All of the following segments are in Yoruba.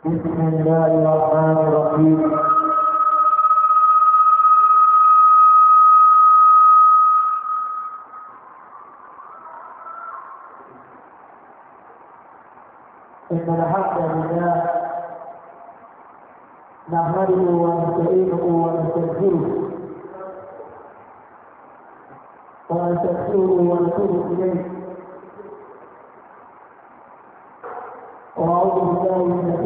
بسم الله الرحمن الرحيم إن الحمد لله نحمده ونستعينه ونستغفره ونستغفره ونتوب إليه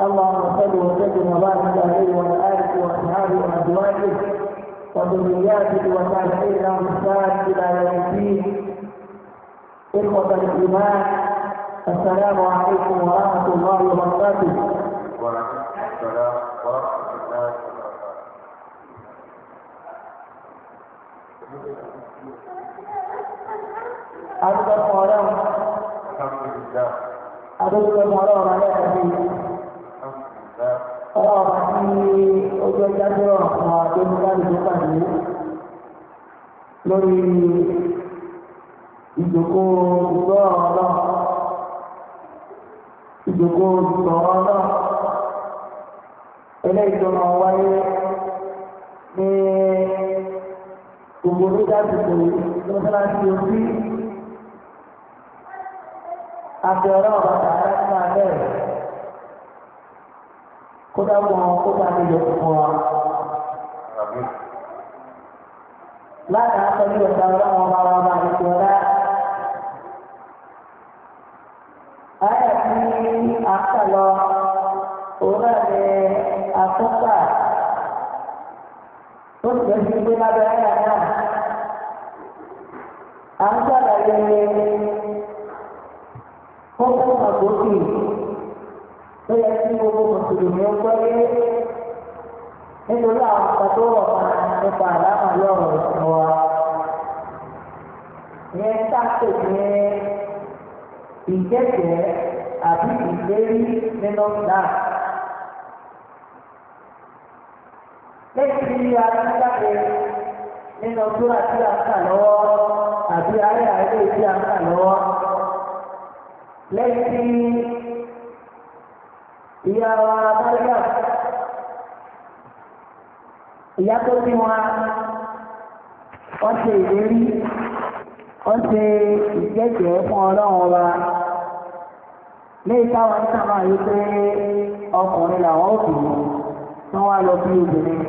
اللهم صل وسلم وبارك عليه وعلى اله واصحابه وازواجه وذرياته وتابعينا ومساك الى يوم الدين إخوة الإيمان السلام عليكم ورحمة الله وبركاته وعليكم السلام ورحمة الله وبركاته أرجو الله أبو الله عليك فيه ọ̀rọ̀ àti ojú ọjà jẹ́ ọ̀pọ̀ àti oníkàlù tó pàdé lórí ìjòkó ìgbọ́ ọ̀rọ̀ ìjòkó ìgbọ̀ ọ̀rọ̀ eléyìí tó máa wáyé ní gbogbo onídàájú tó lọ́sọ́láṣí ojú kódà mọ ó bá mi lò fún wa. láti àtọ́jú ọ̀dà ọlọ́run ọba wa máa ní tiọ́lá. ayé tí àkàlọ́ òun náà ní àtúntà ó sì lè fi gbé lábẹ́ ayé náà. à ń sàlàyé kókó àgbókì tó yẹ kí mùsùlùmí ó gbọ́ yé nítorí àwọn nǹkan tó rọ̀ mọ́ nípa àlámà lọ́rùn ìsìn wa. Ìyẹn sáàpè ní ìjẹ́jẹ́ àbí ìlérí nínú náà. Lẹ́yìn tí a ti jáde nínú ọdúnrà tí a ń lọ́wọ́ àbí ayé àìlè tí a ń kà lọ́wọ́. Lẹ́yìn tí ìyá wa Mariam ìyá tó bí wa wọ́n ṣe ìlérí wọ́n ṣe ìjẹ́jẹ́ fún ọlọ́run ọba léyìí táwọn níta máa yí pé ọkùnrin làwọn ò dùn tí wọ́n lọ bí obìnrin.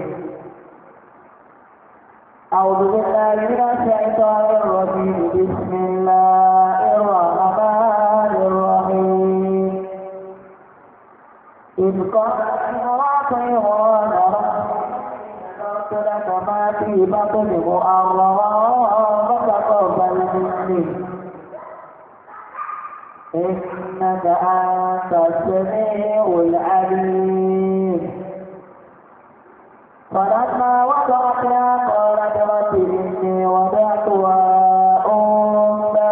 أعوذ بالله من الشيطان الرجيم بسم الله الرحمن إذ قال طيران لك ما في بطن مؤررا فتقبل مني إنك أنت السميع العليم فلما وضعتها قالت رب إني وضعتها أنثى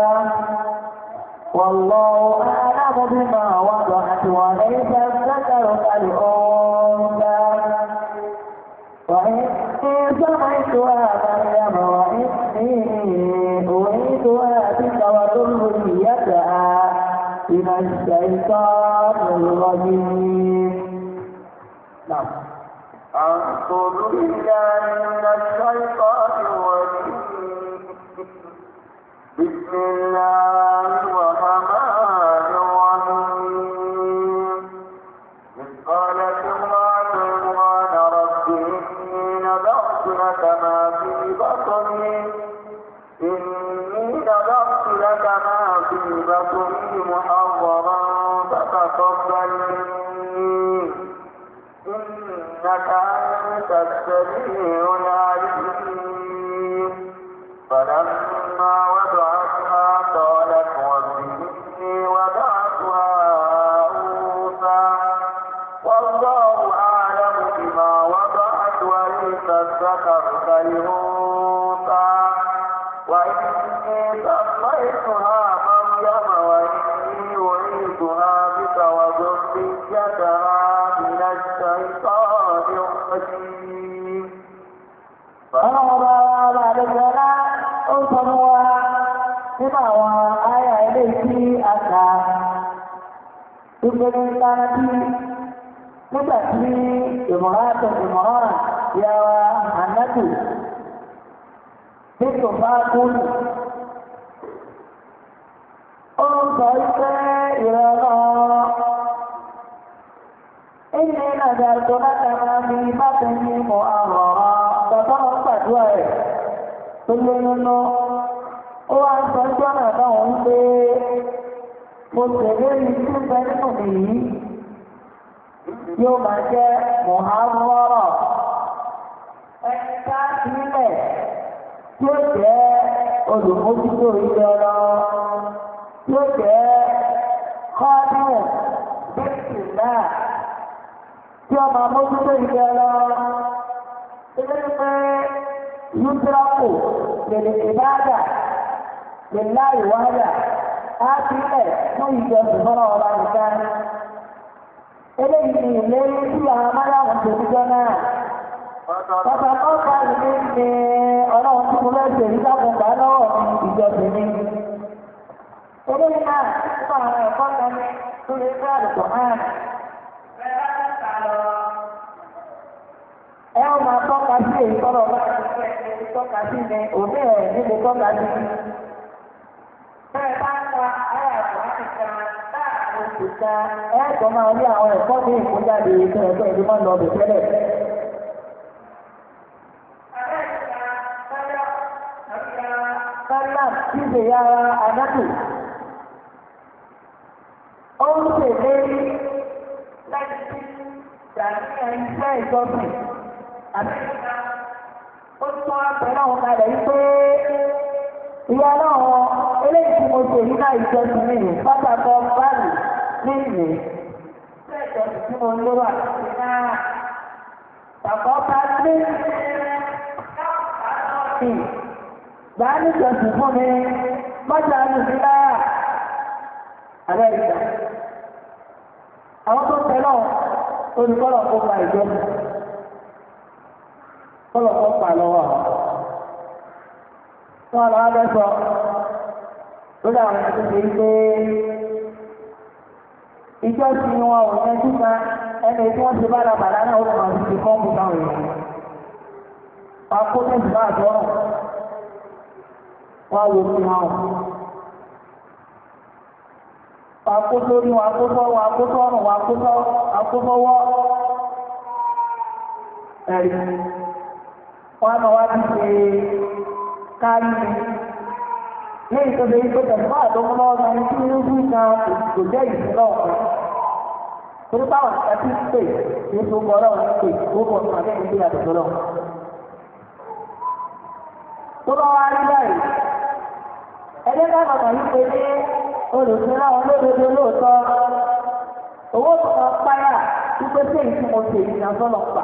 والله أعلم بما وضعت وليس الأنثى وإني سمعتها مريم وإني أريدها بك وذريتها من الشيطان الرجيم نعم أعوذ بالله من الشيطان تقبل مني إنك أنت السميع العليم فلما bintu Imran ya Hanatu bintu Fakul ó ń sọ iṣẹ́ ìrọ̀lọ́ ilé ìlàjà tó látara ní bàtẹ́ ní mọ̀ àrọ̀rọ̀ bàbá wọn pàdúrà rẹ̀ tó lé nínú ó wá ń sọ jọ́nà náà mo tẹ̀lé ní tí ń nínú mi yóò máa jẹ́ mọ̀hárọ́rọ̀ ẹ̀ka sílẹ̀ tí ó jẹ́ olùmójútó ilé ọlọ́ tí ó jẹ́ kọ́dún bẹ́ẹ̀kì náà tí ọmọ mójútó ilé ọlọ́ ilé pé yúdúrọ́pù lèlè ìbáàdà lè láì wáyà á fún ìjọsìn fọ́nà ọba eléyìí ni ìlérí tí àwọn amáyàwọ̀n tó ti jọ náà. Bàbá ọkà ọrụ ni ọlọ́run tí mo lẹ́sẹ̀ yìí dákun gbà lọ́wọ́ ìjọba mi. Eléyìí náà nípa àwọn ẹ̀kọ́ kan tó lè fẹ́ àdùkù hàn. Ẹ èyí òbí àtìká ẹ̀ẹ́dọ̀ máa ní àwọn ẹ̀kọ́ ní ìkúnjáde tó ẹgbẹ́ ìlú máa lọ bẹ̀ tẹ́lẹ̀. Kálá kíbe ya Adákù. Ó ń tèlé láti fi ìdàgbé ẹgbẹ́ ìjọsìn ó tún àpẹẹrẹ àwọn kalẹ̀ yìí pé ìyá náà eléyìí tí mo ṣe náà mi àdéhùn sẹ́ẹ̀tọ̀ tí mo ló wà sí náà. Bàbá bá gbé ní gbà fún mi mọ́jà ní sí náà. Àbẹ́ ìgbà. Àwọn tó tẹ olùkọ́lọ̀ kó pa ìjọ mi. Kọ́lọ̀ kó pa lọ́wọ́ àwọn. Wọ́n lọ wá bẹ́ sọ lórí àwọn ẹ̀sìn pé ìjọ sí wọn ò yẹn síta ẹni tí wọ́n ti bá ra náà ó máa fi ti táwọn èèyàn wọn kó wọn wò wọn kó lórí wọn kó tọ́ wọn kó ní ìtòlè ìtò tẹ̀lifá àtọ́mọ́lọ́ ọ̀gá ní kí ní bí kan kò jẹ́ ìsìn náà kan. torí báwọn àti pè ní tó gbọ́ ọlọ́run ní pè tó kọ̀ ní àbẹ́ ìdí àtẹ̀tọ́ náà. tó bá wá rí báyìí ẹgbẹ́ ká bàbá yìí pé ní olùsìn náà olódodo lóòótọ́ owó tó kọ páyà wípé sí èyí tí mo ṣe ìrìnàjò lọ pa.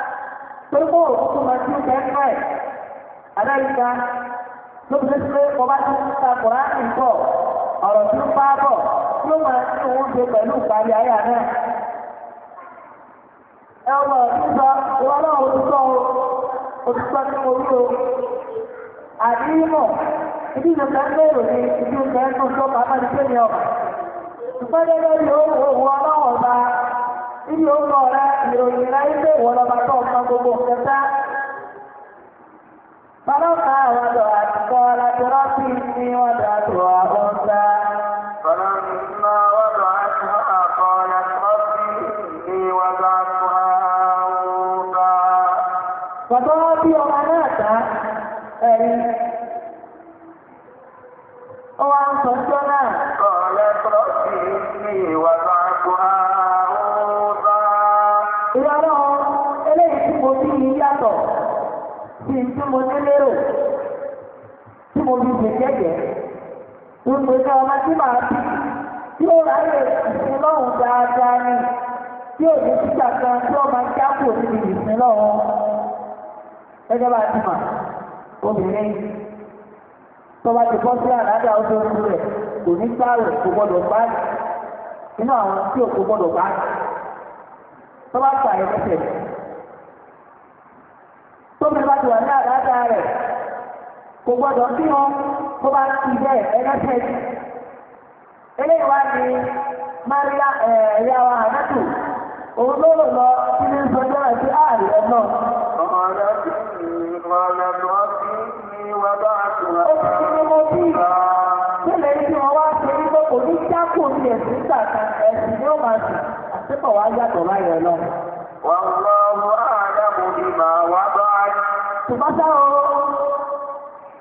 torípò òun tó máa tí ó fẹ́ ká ẹ̀ adáyíká ló fi ṣe ọba tó ń ta kọ̀rá nǹkọ̀ ọ̀rọ̀ tó ń bá bọ̀ tí ó máa tí òun ṣe pẹ̀lú ìparí ayé àná. ẹ wọ sísọ ìwọ náà ó ti sọ o nínú ọmọ rẹ ìròyìn rẹ ilé ìwọlọba tó ń kan gbogbo kẹta bàbá kan àwọn àdọ̀ àtìkọ́ ọ̀la tó rántí ní wọ́n dà ọ̀sán. mo lu jẹjẹjẹ ìpè ní ọmọ tí màá bí tí ó ráyè ìsìn dáadáa ni tí ò ní títà kan tí ó máa jápò níbi ìsìn lọ́hùn gẹ́gẹ́ bá ti mà obìnrin tó bá ti bọ́ sí àlàáfíà ó tó ń rẹ̀ kò ní sáré kò gbọ́dọ̀ báyìí inú àwọn tí ò kò gbọ́dọ̀ báyìí tó bá ta ẹ̀rọ tẹ̀lé tóbi bá ti wà ní àlàáfíà rẹ̀. kò gbọdọ̀ sí wọn tó bá ti bẹ́ẹ̀ ẹlẹ́sẹ̀ sí. eléyìí wá ní maria ẹ̀yà wa òun ló lò lọ sí ní sọjọ́ rẹ̀ ààrẹ ẹ̀ náà. ọmọ rẹ ti wọn lọ ọtí ní ó ti ní mo bí kílẹ̀ tí wọ́n wá ṣe ní kókò ní jákò ní ẹ̀sìn kan ẹ̀sìn ni ó máa sùn wá yàtọ̀ láyọ̀ a.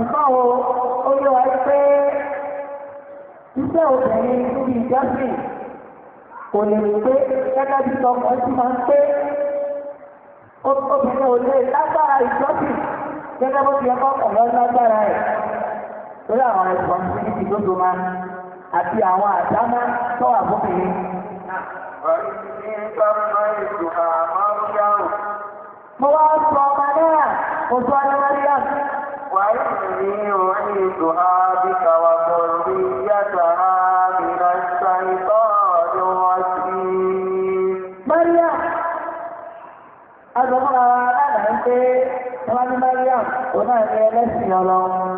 Ìgbáwo olúwa pé iṣẹ́ obìnrin níbi ìjọsìn kò lè pé gẹ́gẹ́ bí ọkọ̀ tí máa ń pé obìnrin ò lè lágbára ìjọsìn gẹ́gẹ́ bó ti ẹkọ́ ọ̀rọ̀ lágbára ẹ̀ lórí àwọn responsibility tó tó máa àti àwọn àdámá tó wà fún mi. Ọ̀rọ̀ ìdí ń bá máa ètò àmọ́ yáwó mo wá sọ ọmọ náà mo sọ ní Mariam. wà á sì ní ìròyìn ètò àbíkà wà pọ̀lú yàtà àbíkà ṣàìtọ́ ni wọ́n sí. Mariam agbọ̀nmọ́ra wa lánàá ń pé wọ́n ní Mariam òun náà ní ẹlẹ́sìn ọlọ́run.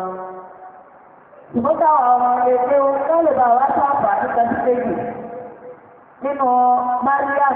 ṣùgbọ́n ọmọ ilé pé ó lè bá wa sábà nípa títẹ́jì nínú Mariam.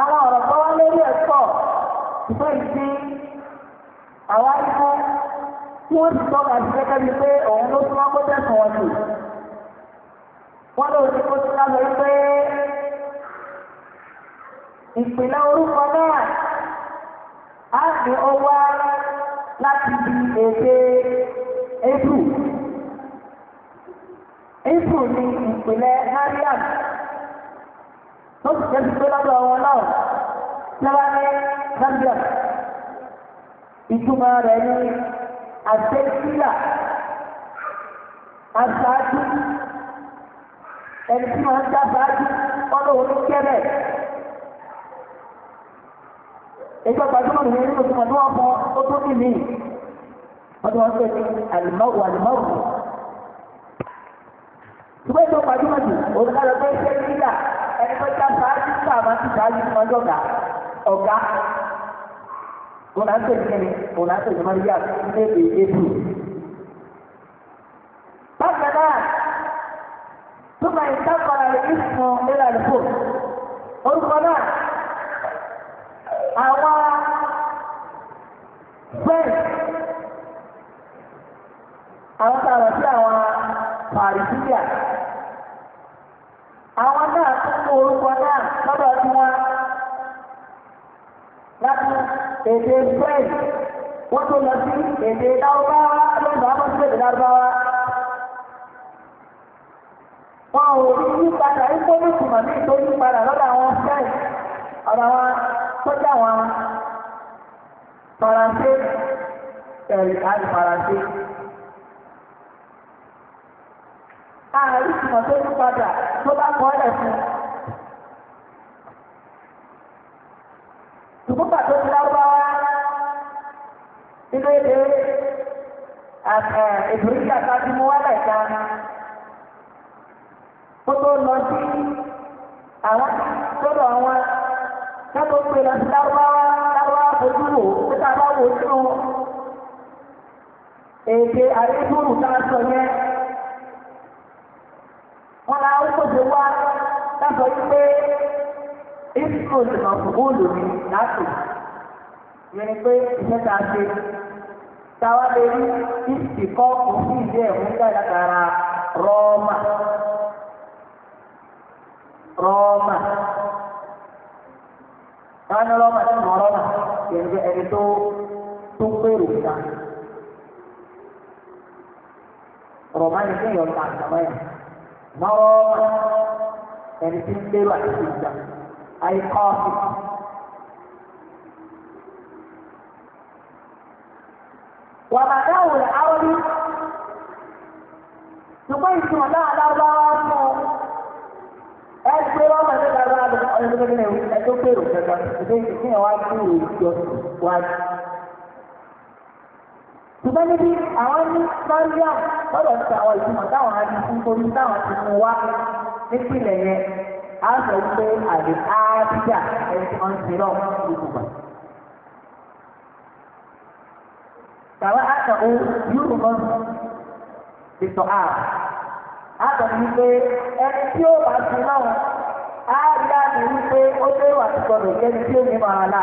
àwọn ọ̀rọ̀ kan wá lórí ẹ̀kọ́ ìfẹ́ ìdí àwọn àìkú tí wọ́n ti tọ́ka sí gẹ́gẹ́ bíi pé òun ló tún wá kó tẹ̀sán wọn jù wọ́n kó tún lábẹ́ pé orúkọ náà á láti di èdè tó sì jẹ́ pípé lọ́dọ̀ wọn náà tí wọ́n ní champion ìtumọ̀ rẹ̀ ní àtẹ́sílà aṣáájú ẹni tí wọ́n ń dábàájú ọlọ́run ní kẹ́rẹ̀. Ẹgbẹ́ gbajúmọ̀ nìyẹn nínú ìtumọ̀ tí wọ́n fọ́ ó tó ní mí. Wọ́n ti wọ́n pè ní àlùmọ́wù àlùmọ́wù. Ṣùgbọ́n ìtumọ̀ gbajúmọ̀ jù òun ká lọ pé ṣé ẹni tó já sáájú tó àmà ti sáájú tó máa jọ̀gà ọ̀gá òun náà ń tẹ̀lé kíni òun náà ń tẹ̀lé máa ń yá ní èdè èdè. bákan náà tó máa ń dákọ̀ra rẹ̀ ìfún ilé àlùfò orúkọ náà àwọn bẹ́ẹ̀ àwọn tààrà sí àwọn pàrìsíyà. àwọn náà tún mú orúkọ náà lọ́dọ̀ tí wọ́n láti èdè french wọ́n tó lọ sí èdè lọ́dọ̀ àwọn tó lè wọn ò rí yípadà ikọ́ ní ìtumọ̀ ní ìtò yípadà lọ́dọ̀ àwọn ọ̀dọ̀ àárí ìtumọ̀ tó ń padà tó bá kọ́ ẹ̀ fún. tó ti nínú èdè ìbòríkà kájú mú wálẹ̀ kan. Ó tó lọ sí àwọn tọ́lọ̀ wọn lọ́tọ̀ pé lọ sí lárúbáwá lárúbáwá fojú wò wọn la ó tóbi wá lábọ̀ yìí pé ìsìnkú ìsìnkú òòlù mi láti yẹn ni pé iṣẹ́ tá a ṣe táwa lè rí ìsìnkọ́ òfin ìdí ẹ̀mú dáadáa rọ́ọ̀mà rọ́ọ̀mà wọn ní rọ́ọ̀mà tó mọ̀ rọ́ọ̀mà yẹn ni ẹni tó tó pérò ta rọ́ọ̀mà ni kéèyàn ta àgbà báyìí. na يعني في الليل واحد جدا أي قاصد ومعناه العربي تبين معناه a lọ ṣùgbọ́n níbi àwọn ní Maria lọ́dọ̀ ti àwọn ìtumọ̀ táwọn àti fún torí táwọn ti mú wá nípìnlẹ̀ yẹn á sọ pé àlè ábíjà ẹni tí wọ́n ń ṣe gbogbo gbà. Tàwa àtàwọn yóò ìtọ̀ ààrùn. ẹni tí ó bá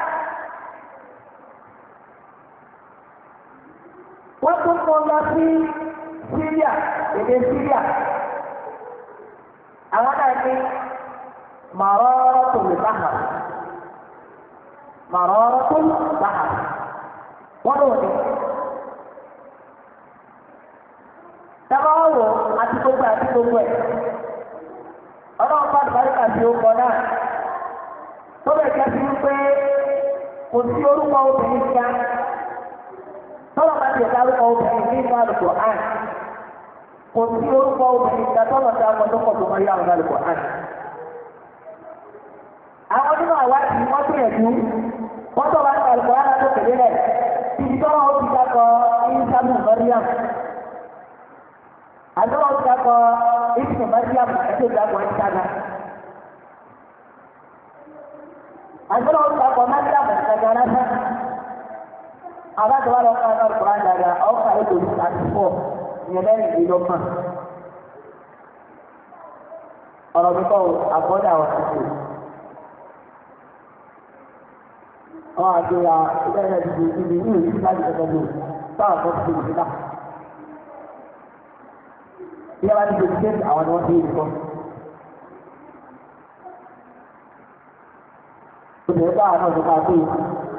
wọ́n tún kọ́ lọ sí Syria èdè Syria àwọn náà ní màrọ́rọ́ tó lè bá màrọ́rọ́ tó lè bá wọ́n lò ní. Tábà wọ́n àti gbogbo àti gbogbo ẹ̀ ọlọ́run bá dùbáríkà sí ó kọ náà tó tọ́lọ̀ bá ti dárúkọ obìnrin nínú àlùkò àn kò sí orúkọ obìnrin ìgbà tọ́lọ̀ ti akọ lóko tó máa yá àwọn àlùkò àn. àwọn nínú àwádìí wọ́n gbìyànjú wọ́n tọ́ bá ń pa àlùkò àn látòkè lélẹ̀ ibi tọ́lọ̀ ó ti dákọ̀ ìsámù mọ́ríyàm àdúrà ó ti dákọ̀ ìsìn mọ́ríyàm ẹ̀ṣẹ̀ ìdákọ̀ ìsága. àdúrà ó ti dákọ̀ mọ́ríyàm ẹ̀ṣẹ̀ àbájọba lọ ká ẹ̀rọ ìkura dáadáa ọkọ àlejò ní àti pọ̀ ìyẹn lẹ́yìn ìdọ́gbọ̀n. ọ̀rọ̀ pípọ̀ àkọ́dà wà sí i. wọ́n á gbé ra ilé ẹ̀rọ ìdìbò ìdìbò ìlú ìlú láti ẹ̀kọ́ lò báwọn kan ti dìbò níta. ilé wa ti dìbò ṣé àwọn ni wọ́n ti yé Obìnrin báwa náà ló máa gbé yìí.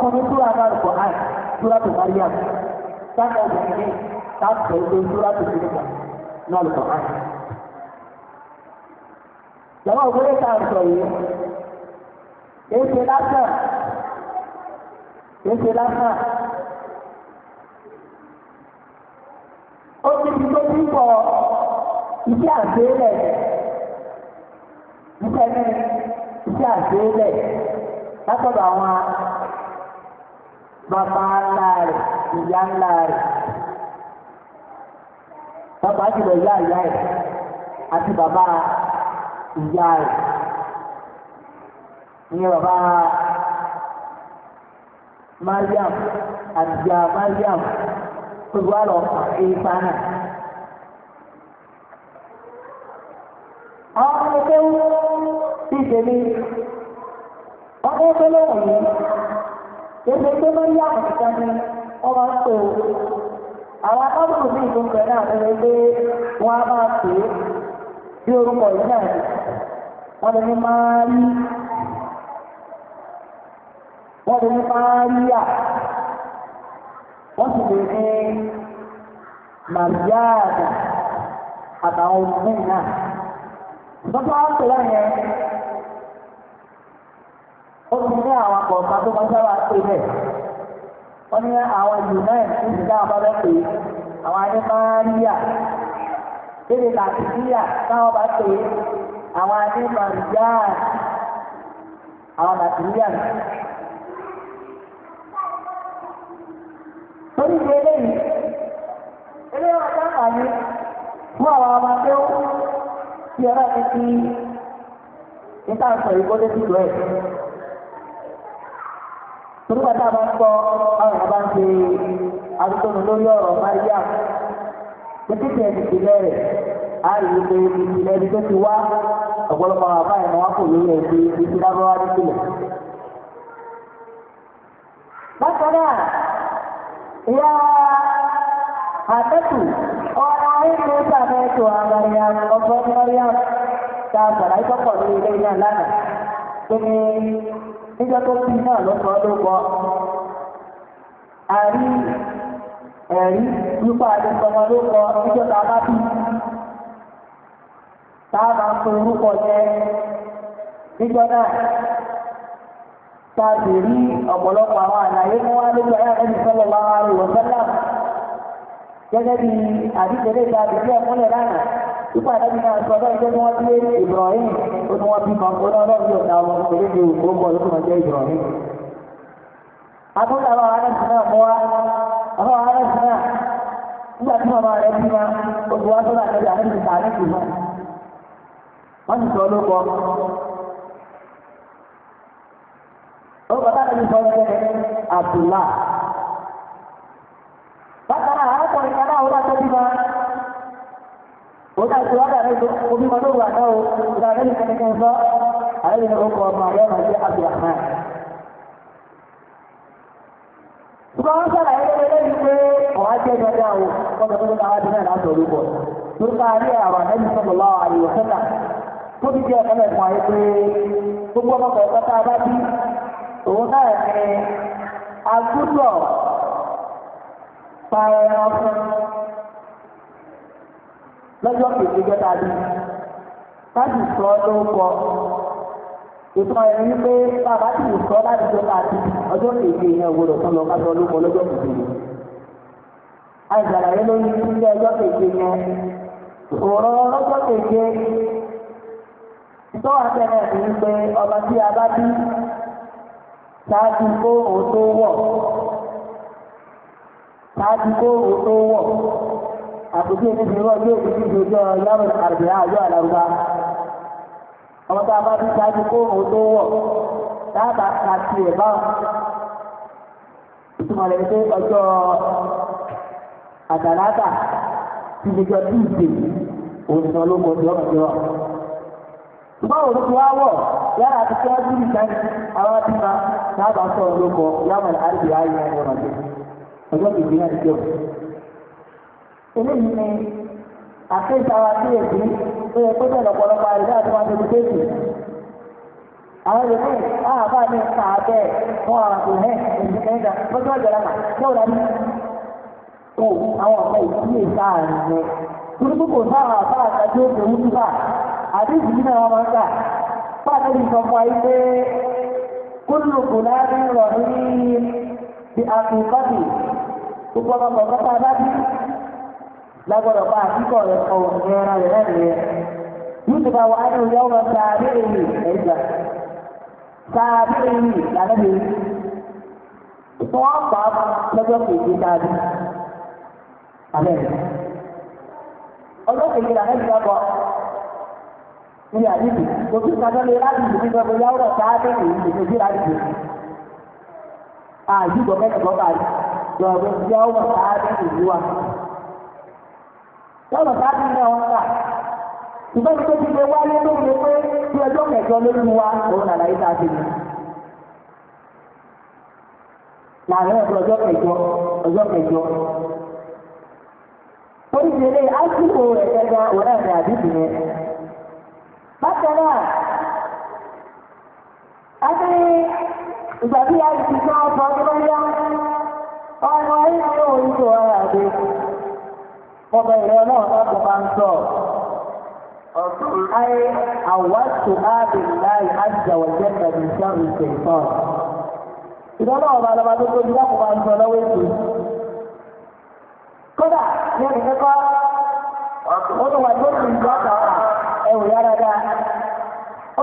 kan ní súra náà kò hàn súra tó Mariam sáà obìnrin ní sáàpù ẹgbẹ́ súra tó Fílípà náà lè kò hàn. Jọ̀wọ́ ògbólé Ó ti fi tó iṣẹ́ àgbélẹ̀, iṣẹ́ iṣẹ́ àgbélẹ̀ látọ̀dọ̀ àwọn bàbá yaa rẹ̀ ìyá ńlá rẹ̀ bàbá jùlọ ìyá ìyá rẹ̀ àti bàbá ìyá rẹ̀ ìyẹn bàbá Mariam àti ìyá Mariam gbogbo Gbogbo tó ló yá àkàtà ni wọ́n máa ń tò ó. Àwọn akọ́bùrù ní ìgbóngbẹ̀ náà ló lè gbé á máa pè é bí orúkọ yìí náà ni. Wọ́n lè ní máa rí wọ́n lè ní máa rí à. Wọ́n sì lè ní màríyáàdì àtàwọn olùgbé náà. Ìgbọ́n tó wá ń pè láyẹn ó ti ní àwọn kọ̀ọ̀kan tó máa sábà pé bẹ́ẹ̀ wọ́n ní àwọn ìlú náà ní ìdá àbábẹ́ pé àwọn adé máa ń yà lédè làtìsíyà táwọn bá pé àwọn adé máa ń yá àwọn làtìsíyà ní. torí ti eléyìí eléyìí wọn dábàá ní fún àwọn ọmọ tó ti ọ̀rọ̀ ti fi níta sọ ìkólé sílùú torí bàtà bá ń kọ́ àwọn àbá ń ṣe àtúntò lórí ọ̀rọ̀ máríà títí ẹni ti lẹ́rẹ̀ á rí i pé ìpìlẹ̀ ẹni tó ti wá ọ̀pọ̀lọpọ̀ àbá kò lórí bákan náà ìyá ọ̀rọ̀ ọ̀gbọ́n a nígbà tó fi náà lọ́sọ̀ọ́ ló kọ́ a rí ẹ̀rí nípa àjẹsọmọ ló kọ́ níjọ́ tá a bá bí tá a máa ń pe orúkọ yẹn níjọ́ náà tá a sì rí ọ̀pọ̀lọpọ̀ àwọn àlàyé mú wá lójú ayé àrẹ́bí sọ́lọ́ wa wá rè wọ́n sọ́lá gẹ́gẹ́ bí àdìsẹ́lẹ̀ ìta àdìsẹ́ lánàá. Ìgbà ìdájú náà sọ bẹ́ẹ̀ pé wọ́n ti lé Ibrahim ó ní wọ́n bí kan ó náà lọ́dún yóò dáwọ́ orílẹ̀ òkú bọ̀ ló kàn jẹ́ Ibrahim. Àtúntà àwọn aráàlú náà mú wa, àwọn aráàlú náà nígbà tí màmá rẹ̀ bí ma oṣù wa tó láti ẹ̀dá níbi ìta níbi ìmọ̀. Wọ́n ti sọ lóko. Orúkọ táwọn sọ jẹ́ Abdullah. Bákan náà, arákùnrin kan náà wọ́n bá tó bí ma wọ́n àti wọ́n bẹ̀rẹ̀ tó omi kan ló wà náà o ìdájọ́ ní kẹ́kẹ́ sọ àyè ní orúkọ ọmọ rẹ̀ máa jẹ́ Abdulrahman. Ṣùgbọ́n wọ́n sọ̀rọ̀ ayé lọ́wọ́ yìí pé ọ̀há jẹ́ dáadáa o kọ́kọ́ tó dáa dín náà láti orúkọ. Lórúkọ ayé àwọn ẹni sọ̀rọ̀ lọ́wọ́ àyèwò sẹ́ta tó ti jẹ́ ẹ̀kọ́ mẹ́fún ayé pé gbogbo ọmọ kọ̀ọ̀kan tá a bá bí òun náà ni a gbúdọ̀ pa ẹran lọ́jọ́ kejì gẹ́gẹ́ bí káàdì sọ bàbá tí sọ láti tó káàdì ọjọ́ kejì yẹn gbọdọ̀ fún lọ lọ́jọ́ yẹn. ọjọ́ kejì yẹn òrò lọ́jọ́ kejì ìtọ́ ọba tí a bá bí kó wọ̀ kó àpèjì ìdíje náà yóò fi díje yàrá àrùbíyá ọjọ́ àlàrúbá ọmọ tá a bá ti ṣáájú kó òun tó wọ̀ dábàá ká tiẹ̀ báwọn ìtumọ̀ ọjọ́ àtàlátà ti dìjọ tíìdè òun náà ló mọ̀ ọjọ́ ọjọ́ ṣùgbọ́n òun ti wá wọ̀ yàrá àti tí wọ́n dúró àwọn ti ma sọ̀rọ̀ yàrá eléyìí ni àkéésà wa sí èdè tó yẹ kó tẹ̀ lọ́pọ̀lọpọ̀ àìsàn àti wọn tóbi tẹ́sì. àwọn èdè náà àbá mi kà á bẹ́ẹ̀ fún àwọn àgbẹ̀hẹ́ ìdíkẹ́ńdà lọ́jọ́ ìjọba náà yóò rà o àwọn ọ̀gá ìdílé ìsáà rẹ̀ turuku kò sáà àbá àtàkì òkè wúdú bá àdéhùn yìí náà wọn kà pàtó ìsọfọ ayé pé kúlùkù náà ń ní lágbọ́dọ̀ bá àtìkọ́ rẹ̀ kọ ẹran rẹ̀ náà nìyẹn. Yusuf àwọn àyẹ̀wò yẹn wọ́n sàbí èyí ẹ̀gbà. Sàbí èyí lànà mi. Wọ́n pa lọ́jọ́ kejì sàbí. Àmín. Ọjọ́ kejì lànà mi lọ́kọ̀. Ní àdìsí, òfin kàtó lè láti ìdìbò ìdìbò lọ́nà sáájú ní ọ̀hún kà ìgbà tó ti lè wáyé tó lè pé bí ọjọ́ kẹjọ lórí wa òun nàlá yìí sáájú ni. Làárín ẹ̀kọ́ ọjọ́ kẹjọ ọjọ́ kẹjọ. àsìkò òun àdìsí Bákan náà, a ìgbà tí a ti sọ yá, ọmọ ló ń sọ Bọ́bẹ̀ rẹ̀ náà láti bá ń sọ. Ayé àwọ̀tò áàbì láì àjàwọ̀ jẹ́ ẹ̀mí sọ́rọ̀ ìṣẹ̀ ìtàn. Ìdáná ọ̀bà alọ́ba tó tóbi láti bá ń sọ lọ́wọ́ ètò. Kódà ní ẹ̀mí kẹ́kọ́, ó ti wà lórí ìjọ kan ẹ̀wù yára dáa.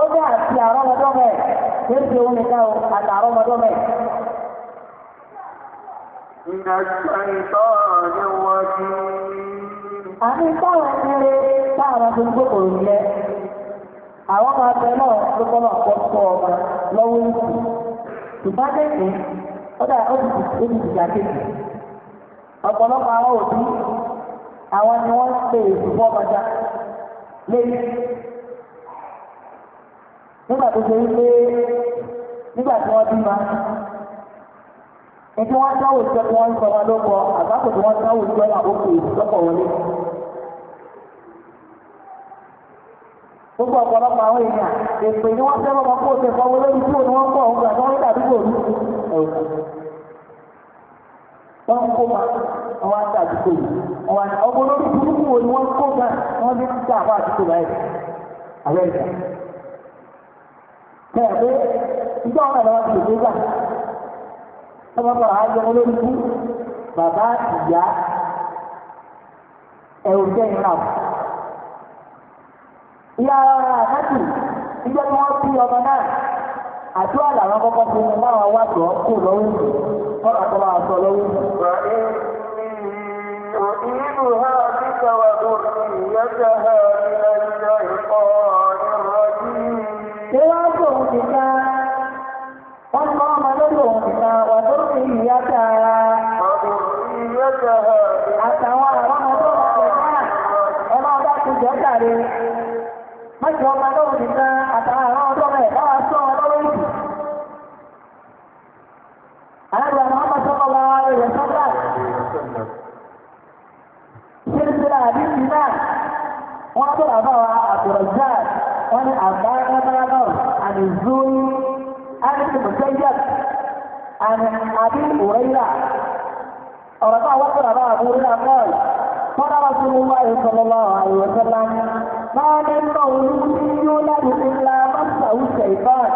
Ó jẹ́ àti àrọ́mọdọ́mọ̀ ẹ̀ yóò ṣe òun nìkan o àti àrọ́mọdọ́mọ̀ ẹ̀. من الشيطان الرجيم àní táwọn eré táwọn agbègbè kò ń lẹ àwọn máa bẹ náà ló náà kọ́ fún ọba lọ́wọ́ ìsìn ṣùgbọ́n lẹ́yìn ọ̀pọ̀lọpọ̀ àwọn òbí àwọn ni wọ́n lẹ́yìn nígbà tó ṣe wípé nígbà tí ẹni wọ́n dáwò ìṣẹ́ tí wọ́n ń sọ wọn lóko àgbàkùn tí wọ́n dáwò ìṣẹ́ àbókù ìṣẹ́kọ̀ wọlé. gbogbo ọ̀pọ̀lọpọ̀ àwọn èèyàn èpè ni wọ́n fẹ́ lọ́mọ kó o ṣe fọwọ́ lórí tí òun wọ́n pọ̀ òun gbà tí wọ́n ń dàdúgbò ní wọ́n kó ma wọ́n á dàdúgbò yìí wọ́n á ọmọ lórí burúkú wo ni wọ́n kó ma wọ́n ní títà àwọn àdúgbò báyìí àwọn ẹ̀dá. bẹ́ẹ̀ pé ìjọ ọ̀rọ̀ làwọn ti lè gbà tọ́wọ́ bọ̀ àjọ olórí fún bàbá ìyá ẹ̀rù jẹ́ ìrìnà. ìyá ara àkájù nígbà tí wọ́n bí ọmọ náà àjọ àlàwọn kọ́kọ́ fún un láwọn wá jọ kó lọ́wọ́ kọ́ra tó máa sọ lọ́wọ́. أعيدها بك وذريتها من الشيطان الرجيم. وذريتها وذريتها àtàwọn àwọn ọmọdé ọ̀sẹ̀ náà ọmọ ọba ti jẹ́ jàre mọ́jọ ọmọ ọlọ́run nìkan àtàwọn àwọn ọdọ́ rẹ̀ bá wá sọ ọlọ́run jù alága àwọn ọmọ sọ́kọ̀ wa rẹ̀ sọ́kà ṣe ń sira àdínkù náà wọ́n tó bàbá wa àbùrọ̀jà wọ́n ní àgbá ẹgbẹ́ náà àdìzúrí àdìsí mọ̀tẹ́yẹ̀tì عن أبي هريرة ورفع وقرأ أبو هريرة قال قال رسول الله صلى الله عليه وسلم ما من مولود يولد إلا مسه الشيطان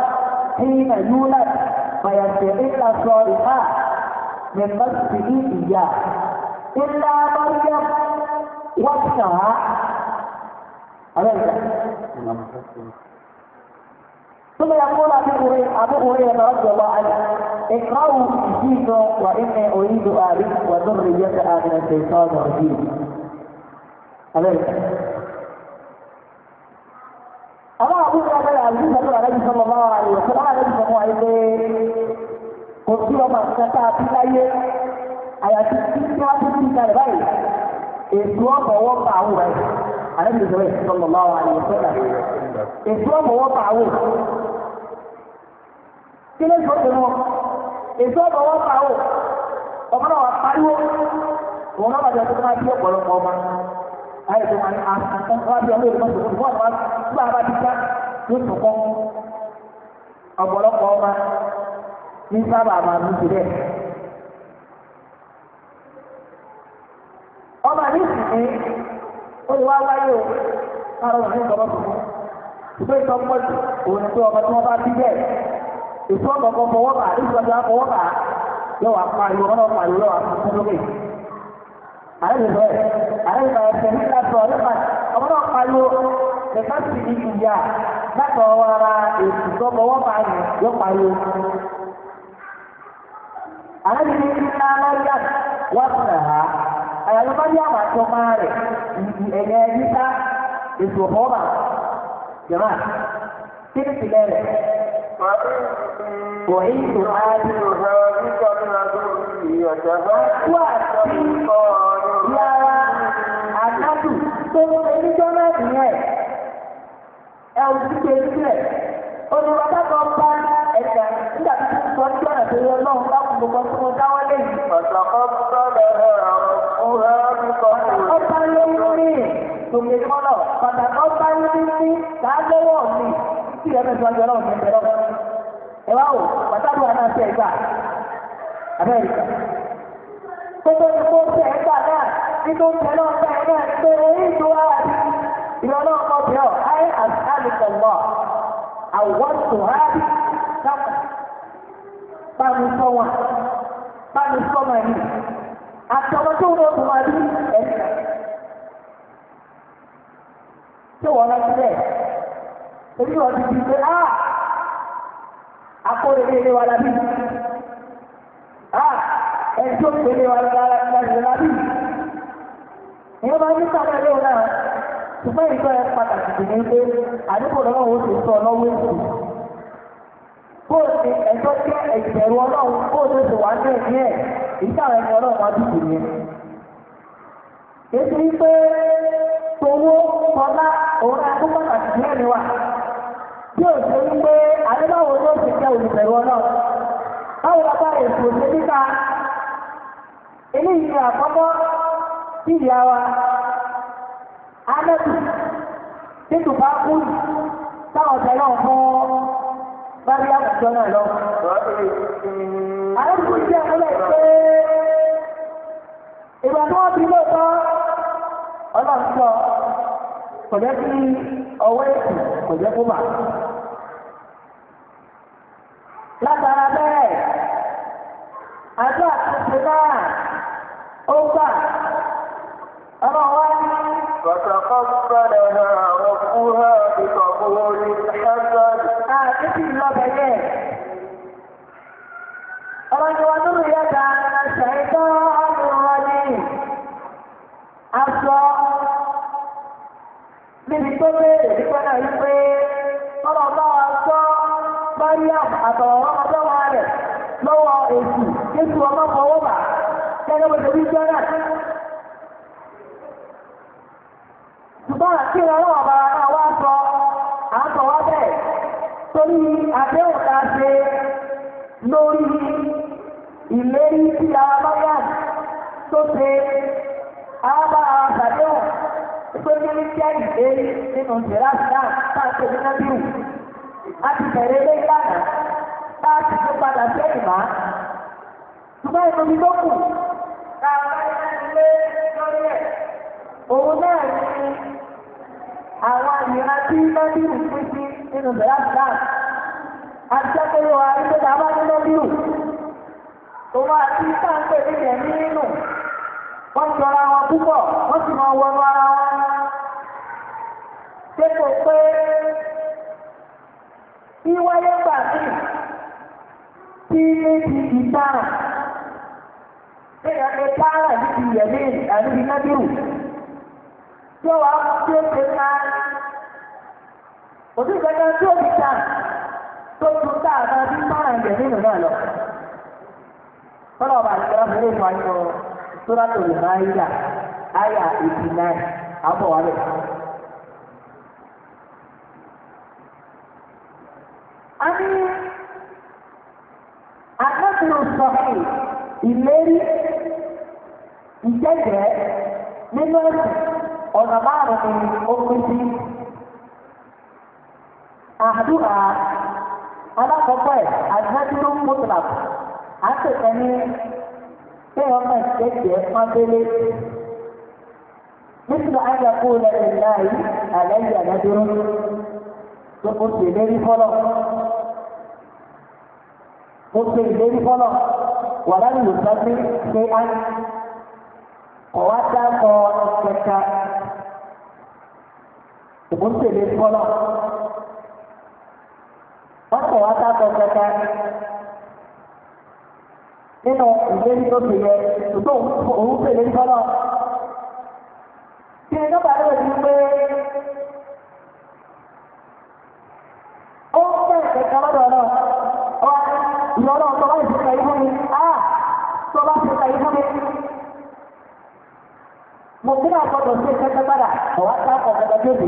حين يولد فيستحل الصالحات من مسه إياه إلا مريم وابنها عليك ثم يقول أبي هريرة أبي هريرة رضي الله عنه اقرأوا الإنجيل وإني أريد أبي وذريتها من الشيطان الرجيم أمريكا أما أقول لك يا عزيز صلى الله عليه وسلم أنا الله عليه وسلم قلت له ما في إليه أيا تسكت في تسكت على بيت إذ وقع وقع عليه àlejò ìjọba ìsọlọ lọ́wọ́ àlejò ìsọlọ ètò ọmọwọ́ pàwọ́ kí ló sọ fún wọn ètò ọmọwọ́ pàwọ́ ọmọ náà wà pariwo wọn náà wàjú ọtí máa bí ọ̀pọ̀lọpọ̀ ọba ó ti wá wáyé o káàrọ̀ wọn ní ìjọba tuntun ìgbé ìtọ́ pọ̀ jù òun tó ọmọ tí wọ́n bá bí bẹ́ẹ̀ ìfọ́ kọ̀ọ̀kan fọwọ́ bà ìfọ̀jà fọwọ́ bà yóò wá pariwo wọn náà pariwo yóò wá fún lókè àrẹ́bìnrin rẹ̀ àrẹ́bìnrin rẹ̀ tẹ̀lé ìlàsọ̀ nípa ọmọ náà pariwo nípa sì ní ayaba Maryam asomaale nti eneeyita ezohoba jamaa kiri kilele وعيد عادلها بك من ذريتها وأتقى أكادو تقول إن جمال هي أو تقول olùrọ̀dọ́gbọ̀ bá ẹ̀sẹ̀ nígbà tí wọ́n sọ sí ọ̀nà tó yẹ lọ́hùn bá kún gbogbo tí mo dáwọ́ lé yìí. ọ̀sọ̀kọ́ sọ̀rọ̀ ọ̀rọ̀ ọ̀rọ̀ ọ̀bá lórí tòkè mọ́lọ̀ pàtàkì ọ̀bá lórí sí lágbẹ́wọ̀ mi tí ẹ fẹ́ sọ́jọ́ náà ní ìbẹ̀rẹ̀ wọn. ẹ wá wò pàtàkì wọn náà ṣe ẹgbà abẹ́rẹ́ gbogbo ní kó ṣe ẹgbà náà nínú tẹ̀lé ọ̀gá ẹ̀ náà pé orí ìdúrà ìrọ̀lọ́ ọkọ̀ bìọ́ ayé àti àlùkò náà àwọ̀tò hàbí sáfà báni sọ wọn báni sọ wọn ẹni àtọwọ́ tó wọ́n tó wọn ní ẹ̀ka tí wọ́n lọ sílẹ̀ èyí wọ́n ti di pé á akóredé ilé wa lábí á ẹjọ́ ìpele wa lábí ìyẹn bá ní sábà ilé wọn náà. ṣùgbọ́n ìtọ́ ẹ pàtàkì jù ní pé àdúgbò lọ́wọ́ ó ti sọ lọ́wọ́ èsì bóòsì jẹ́ ọlọ́run ti wá ní ẹ̀mí ẹ̀ ọlọ́run wá èsì òun adó pàtàkì jù wa bí ṣe wípé ló ti jẹ́ ọlọ́run báwo la bá èso ṣe níta eléyìí ni àkọ́kọ́ sí ìyá wa anẹ́bì títù bá kú táwọn ọ̀tẹ̀ náà fún bábí àkùtọ́ náà lọ. Àwọn ìlú jẹ́ ìpínlẹ̀ pé ìgbà tí wọ́n ti lé tán ọlọ́run sọ kò jẹ́ kí ọwọ́ èkì kò jẹ́ kó bà. Látara bẹ́ẹ̀, àjọ àtúnṣe náà ó gbà فتقبلها ربها بقبول حسن آتتي لبيان رجل يدعى من الشيطان الرجيم أصلا níbi tó béèrè nípa náà yí pé ọlọ́ bá wa sọ mariam àtọ̀wọ́ ọmọdéwà rẹ̀ lọ́wọ́ èsì jésù ọmọ fọwọ́ bà gẹ́gẹ́ bó ṣe wí jẹ́ náà ṣùgbọ́n àti ìrànlọ́wọ́ ọba náà wá sọ àtọ̀ wá bẹ́ẹ̀ torí àdéhùn ta ṣe lórí ìlérí tí ara mariam tó ṣe àbá àbàdéhùn pé níbi tí àyè lérí nínú jìráàfù náà tá a ṣe ní nábìrù ilé ìlànà tá Òun náà ni àwọn ìran tí lọ́bìrù pín sí nínú bẹ̀rẹ̀ náà ajẹ́kọ̀ọ́ bá ní pé bàbá ní lọ́bìrù òun àti sáńpẹ̀ nínú wọ́n jọra àwọn púpọ̀ wọ́n sì máa wọnú ara wọn pé wáyé yẹ̀mí àti tí wà á ṣe ká òbí kankan tí ó fi ta tó tún tá a bí máa ń jẹ nínú náà lọ. Fọlọ́ ọba fún ilé ìfọ̀ ayọ̀ sódà tó lè máa yíyà ayà eighty nine àbọ̀ wà lẹ̀. A ní akẹ́kọ̀ọ́ sọ̀kì ìlérí ìjẹ́jẹ́ nínú ẹ̀sìn. ọ̀nà márùn-ún ó pín sí àdúrà alákọ̀ọ́kọ́ ẹ̀ àdúrà mutlaq àtẹ̀tẹ̀ ní kí wọ́n máa ṣe jẹ́ pọ́nbélé nítorí àjàkú lẹ́yìn láàyè àlẹ́yìn àdájọ́rọ́ tó kó ṣe lérí fọ́lọ́ ó ṣe ìlérí ṣùgbọ́n tèlé kọ́lá wọ́n kọ̀ wá sáfẹ́ kẹta nínú ìlérí tó ti yẹ ṣùgbọ́n òun tèlé kọ́lá kí ni nọ́mbà rẹ̀ ti pé ó ń bẹ̀rẹ̀ kẹta lọ́dọ̀ náà ìyọ́nà ọ̀tọ̀ láì fi kẹyọ. mo kí náà gbọdọ̀ sí ìkẹ́kẹ́ padà ọ̀wá tá ọ̀gọ̀dọ̀ débi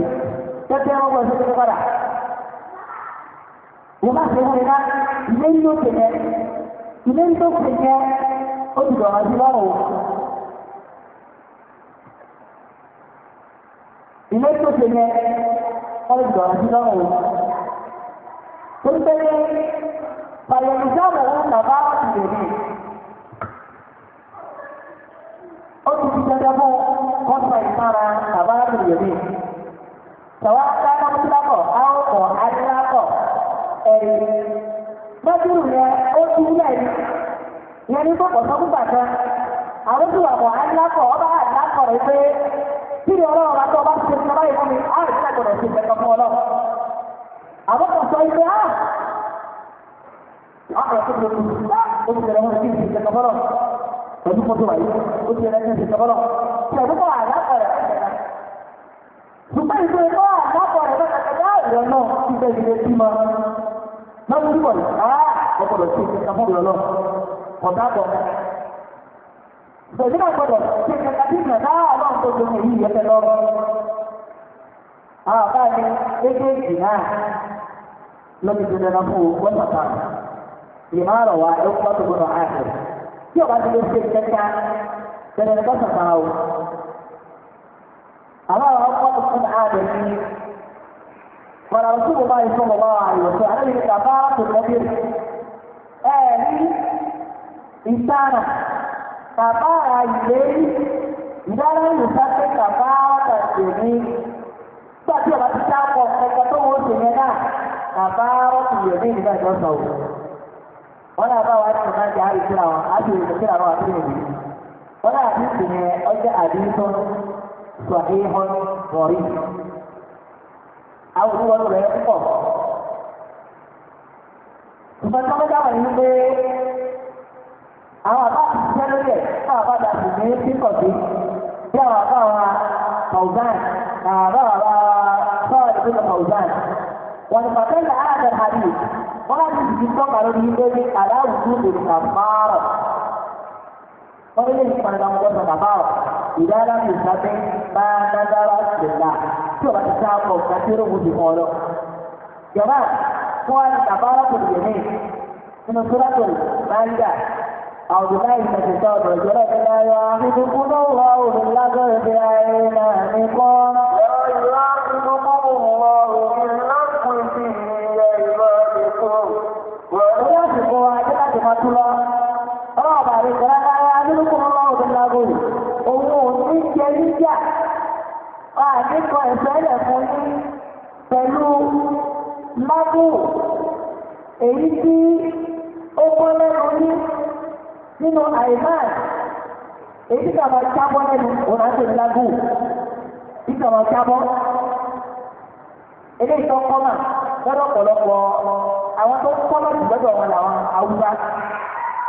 tẹ́tẹ́ wọn gbọdọ̀ sí ìkẹ́kẹ́ padà. Wọ́n máa fi wọ́n iná ilé ní òkè yẹn ilé ní òkè yẹn ó ti dọ̀rọ̀ sí lọ́rùn. Ilé ní òkè yẹn ó ti sí lọ́rùn. Tó ń tẹ́lẹ̀ pàlẹ́ ìjábọ̀ wọn bàbá ìròyìn. ó ti di dandan fún kọ́sà ìmára àbára ìyẹ̀mí. Sọ̀wọ́ adáná mọ́tílákọ̀ áwọ̀kọ̀ adílákọ̀ ẹ̀rí. Mọ́tírù yẹn ó ti wúlẹ̀ ní. Yẹn ní kọ̀kọ̀ sọ́kú bàtà. Àwọn tí wàkọ̀ adílákọ̀ ọba àdílákọ̀ rẹ̀ pé kí ni ọlọ́run bá tọ́ bá ti ṣe fún ọlọ́run fún mi, á rẹ̀ sí àgbọ̀dọ̀ sí ìgbẹ́kọ̀ fún ọlọ́run. Àwọn kan sọ ife á. Àwọn kan pẹ̀lú fọ́tò wáyé ó ti rẹ̀ ṣe ìṣọ́kọ́lọ̀ tí ọdún kọ́ àdápọ̀ rẹ̀ ṣùgbọ́n ìgbé kọ́ àdápọ̀ rẹ̀ lọ́nà kẹjá ìrọ̀ náà ti bẹ̀ ilé tí mọ́ lọ́dún tí wọ̀nyí àá ọgbọ̀dọ̀ ṣe ìṣẹ́ka fún ìrọ̀ náà kọ̀dábọ̀ pẹ̀lú àgbọ̀dọ̀ ṣe ìṣẹ́ka tí ìrọ̀ náà ọlọ́run tó gbé èyí yẹtẹ lọ́rọ́ àwọn báyìí méjèèjì náà lọ́dún tó dẹ́ná fún wọn bàtà ìmọ̀ àrọ̀ wa ẹ̀kọ́ tó gbọ́dọ̀ àìsàn tí ọba ti lè ṣe kẹta tẹ̀lé ẹ̀kọ́ sàkàrà o. àwọn àwọn ọkọ ìfún ààbẹ̀ ní kọ̀ọ̀rọ̀ tó kò bá ìfún ọba àyè tó àlẹ́ yìí kà bá tó lọ́bí ẹ̀ ní ìtara kàbá àyè ìdára ìrùsáfẹ́ kàbá àtàkùn ní gbàtí ọba ti sáà kọ̀ ẹ̀kọ́ tó wọ́n ti yẹn náà kàbá ọ̀tún yẹn ní ìgbà ìjọsọ̀ òun wọn náà bá wa ní ìmọ̀ ìjà ìṣúra wọn á sì rìn ìṣúra wọn àti ìrìn wọn náà ti sì ní ọjọ́ àdínkù sọ̀híhọ́ rọ̀rí. àwọn olúwọ́n rẹ̀ pọ̀. ìfọ̀n tó mọ́jà wà ní pé àwọn àbá ti ṣiṣẹ́ lórí ẹ̀ fún àbádà sì ní pípọ̀ sí bí àwọn àbá wa Fauzan àwọn àbá wa sọ́ọ̀dì pípọ̀ Fauzan. والمثل هذا الحديث ولكن في الطبع الذي على وجود الكفارة ومن يحصل له وجه الكفارة إذا لم يستطع ما نذر لله سورة الشعب كثير مجموله جماعة هو الكفارة اليمين من سورة المائدة أو بما يستطيع الرجل لا يعاقبكم الله باللغو في أيمانكم لا يعاقبكم الله àtúlọ ọlọ́ọ̀bà àlejò rárá nínú kò ń lọ òde lágòrò òun ò ní jẹ níjà àdékọ ìfẹ́lẹ̀ fún yín pẹ̀lú mábù èyí tí ó kọ́ lẹ́nu yín nínú àìmáà èyí tí kàmá jábọ́ lẹ́nu òun àti ìlágùn tí kàmá jábọ́ eléyìí tó kọ́ náà lọ́dọ̀ ọ̀pọ̀lọpọ̀ àwọn tó kọ́ lọ́dún lọ́dọ̀ wọn làwọn Haúsá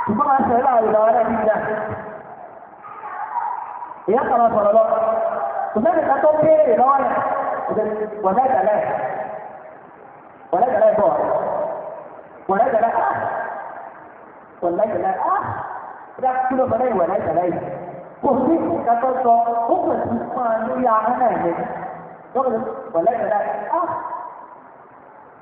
ṣùgbọ́n máa ń sọ̀rọ̀ láàrin lọ́wọ́ náà nígbà ìyá kan sọ̀rọ̀ lọ kò ká tó béèrè lọ́wọ́ rẹ̀ wọ̀lẹ́ ìgbàlẹ̀ bọ̀ wọ̀lẹ́ á ah! wọ̀lẹ́ á ah! ìdá kúló bọ̀lẹ́ ìwọ̀lẹ́ yìí kò sí ìka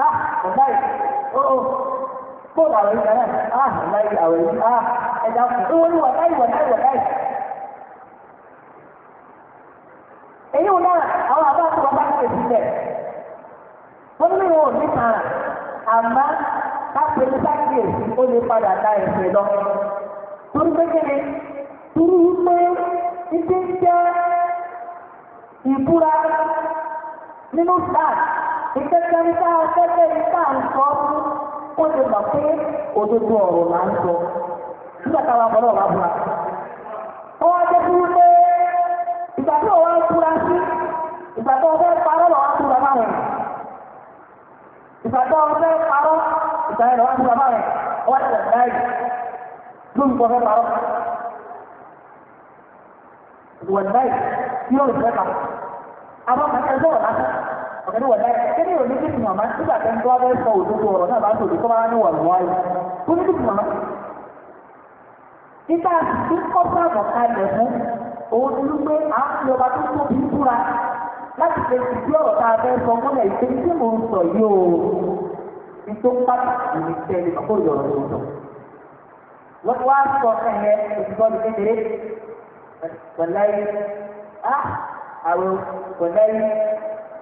ah èyí wọn náà àwọn àbá àti bàbá ti tètè bẹ̀ wọ́n ní wọn ò ní tààrà àmọ́ káfíń sákìyèsí ó lè padà dá ẹ̀sìn lọ. torí pé kéde pé ìdí ìbúra nínú sáà ìkẹ́kẹ́ nípa afẹ́fẹ́ nípa ó ti mọ̀ pé òdodo ọ̀rọ̀ là ń sọ nígbà táwa bọ̀ wà bùra. ó wá jẹ́ kí wípé ìgbà tí òun á búra sí ìgbà tó fẹ́ parọ́ lọ́wọ́ á búra máa rẹ̀. ìgbà tó fẹ́ parọ́ ìgbà yẹn lọ́wọ́ á búra máa rẹ̀ ọwọ́ ti rẹ̀ dáì lórí ìgbà fẹ́ parọ́. ìwọ̀n dáì yóò fẹ́ parọ́. àwọn kàkẹ́ ọ̀gá ní wọ̀lá ẹ̀ ní òní bíbí màmá nígbà tó ń tọ́ abẹ́ sọ òdodo ọ̀rọ̀ náà bá tòbi tó bá ní wọ̀lú wáyé tó ní bíbí màmá. nígbà tí kọ́sọ́ àbọ̀kalẹ̀ mú òun ni wípé à ń fi ọba tó tóbi fúra láti lè fi bí ọ̀rọ̀ tá a fẹ́ sọ mọ́lẹ̀ ìpè tí mò ń sọ yìí o ní tó pàtàkì ní tẹ́lẹ̀ kó yọ̀rọ̀ tó sọ. wọ́n wá sọ ẹ̀yẹ òṣìṣọ́ni kékeré pẹ̀lẹ́ àwọn pẹ̀lẹ́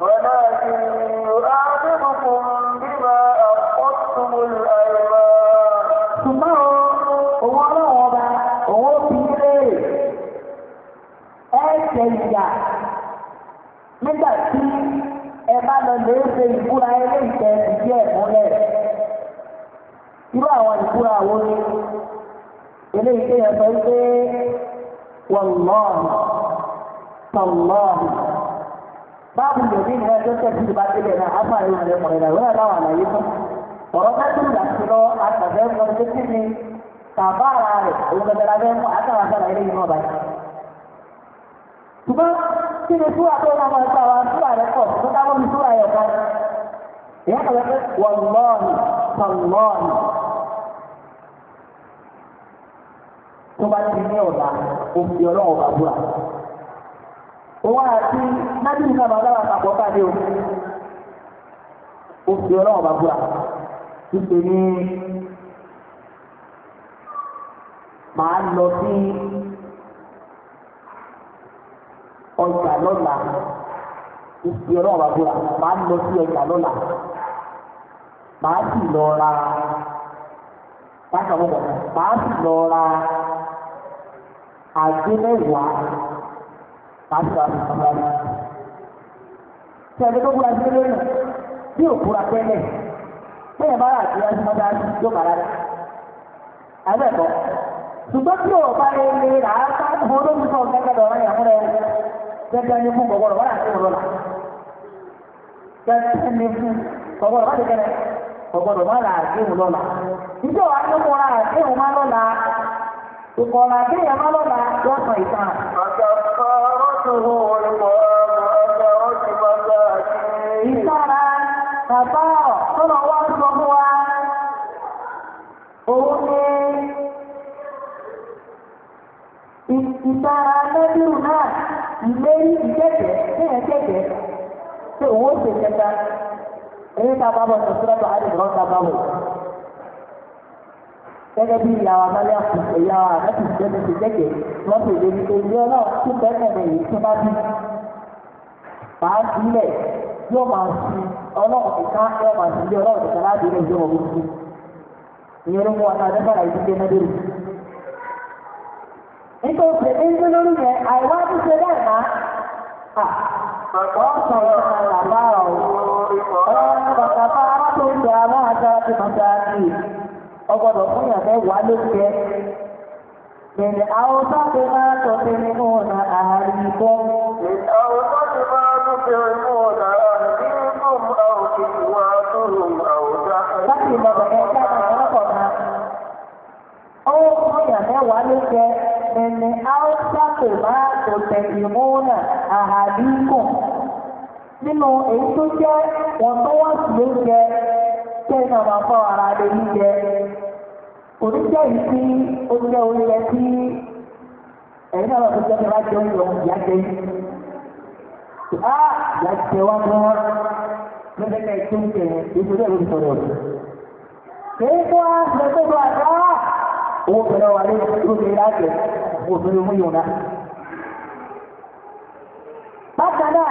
ولكن يعاقبكم بما أخذتم الأيمان ثم هو رغب هو بيري أجيا nígbà tí ẹ bá lọ lè ṣe ìbúra ẹlẹ́yìnkẹ́ ìdíẹ̀ múlẹ̀ irú àwọn ìbúra wo ni eléyìí kéèyàn sọ wípé wọ́n lọ́ọ̀nù tọ̀lọ́ọ̀nù báàbù lòdì ní ẹjọ́ tẹ̀sí ìbá délé náà á fààyè wọn lẹ́mọ̀ rẹ̀ wọ́n láwọn àlàyé fún. ọ̀rọ̀ mẹ́tò ìgbà sí lọ àtàfẹ́ sọ pé kí ni bàbá ara rẹ̀ òun gbẹdẹ̀rẹ̀ abẹ́ fún àtàwọn àgbàlá ilé yìí náà báyìí. ṣùgbọ́n kí ni súra tó náà máa gbà wá súra rẹ̀ pọ̀ tó dáwọ́ mi súra yẹ̀ kan. ìyá kan pé wọ̀lọ́ọ̀nì sọ̀lọ́ọ̀nì òun àti nájú nǹkan bá dára papọ̀ káàdé o ó fi ọlọ́wọ́ bá búra wípé ní màá lọ sí ọjà lọ́la ó fi ọlọ́wọ́ bá búra màá lọ sí ọjà lọ́la màá sì lọ ra bákan bọ̀ àgbà àgbà rẹ̀. Tí ẹni tó búra sílé lónìí, tí ò búra pẹ́lẹ̀, bẹ́ẹ̀ bá rà síra sí mọ́tà yóò bá rárá. Àbẹ̀ ẹ̀kọ́. Ṣùgbọ́n tí ò bá lè lè rà á bá fún olómi sọ̀ gẹ́gẹ́ lọ́rọ́ yẹn fún ẹ gẹ́gẹ́ ní fún gbọ̀gbọ̀rọ̀ wọ́n àti ìrọ̀lá. Gẹ́gẹ́ ní fún gbọ̀gbọ̀rọ̀ wọ́n ti kẹ́rẹ́ gbọ̀gbọ̀rọ̀ wọ́n là á sí ìrọ̀lá. Ìjọ wa ló kọ́ra àti ìrùn má lọ́la. Ìkọ̀ọ̀lá àti ìyẹn má lọ́la yóò sàn ìtàn. Àjọ kọ́ ìtara lẹ́bírù ìjẹ́jẹ́ kéèyàn kéèjẹ́ ṣe kẹta èyí tá bụ bá bọ̀ sọ̀tún lọ́tọ̀ àdìgbò tá a bá bọ̀. gẹ́gẹ́ bí ìyàwó abálẹ́ àkùnkùn ìyàwó àmẹ́tì jẹ́mi ti jẹ́kẹ̀ wọ́n ti lè ní èyí ọlọ́run tí bẹ́ẹ̀kẹ̀rẹ̀ yìí tó bá bí máa sílẹ̀ yóò máa sí ọlọ́run nìkan yóò máa sí ilé ọlọ́run nìkan láti ilé ìjọba owó sí ìyẹn ló mú wọn náà dẹ́gbàrà yìí dé mẹ́lẹ́rù. nítorí pé ní ní lórí yẹn àìwá ọgbọ́dọ̀ fún yàn mẹ́wàá ló jẹ. Bẹ̀rẹ̀ àwọn tó ti máa tọ́ sí nínú ọ̀nà àárín bọ́. Àwọn tó ti máa tọ́ sí nínú ọ̀nà àárín Láti lọ́dọ̀ ẹ dáná lọ́pọ̀ náà. Ó fún yàn mẹ́wàá ló jẹ. Bẹ̀rẹ̀ àwọn tó máa tọ́ sí nínú ọ̀nà àárín bọ́. Nínú èyí tó jẹ́ wọ́n tó wá sí ló jẹ kẹ́ iná fọ́ ara rẹ níjẹ oníjẹ́ yìí tí oúnjẹ tí ẹ̀yin náà lọ́ọ́ fi jẹ́ ìwà jẹ́ ìyá jẹ́ yìí á ah, ìyá jẹ́ wá mọ́ lọ́dẹ́ ká ètò oúnjẹ ìṣòro ẹ̀rọ ìṣòro ọ̀dọ́ kìí tó á lọ tó àgbà owó bẹ̀rẹ̀ wà ní ìrúbẹ̀ láàjẹ̀ owó bẹ̀rẹ̀ mú yòó bákan náà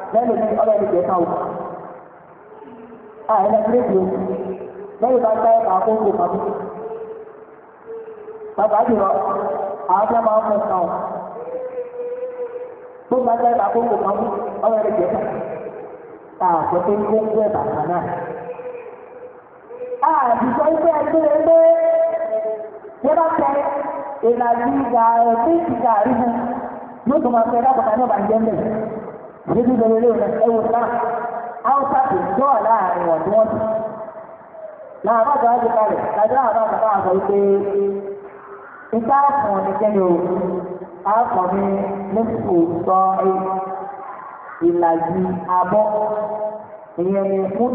lẹ́nu ní ọ̀rẹ́ mi jẹ́ káwọ́. Àìlẹ́ ah, lẹ́yìn bá táyà kà kò pàtó. Bàbá jùlọ, àwọn máa ń fẹ́ káwọ́. Tó bá táyà kà kò pàtó, ọ̀rẹ́ mi jẹ́ káwọ́. Ah, tó ń gbé ń gbé bàbá náà. Àdìsọ́ ah, ẹgbẹ́ ẹgbẹ́ wọ́n bá tẹ ìlàjì ìgbà ẹ̀fẹ́ ìgbà àríwú yóò tó máa fẹ́ lábàtà náà bá ń jẹ́ ń níbi ìbẹ̀rẹ̀ ilé rẹ̀ ẹwù náà áwùsá láàrin sọ ìlàjì ìyẹn létí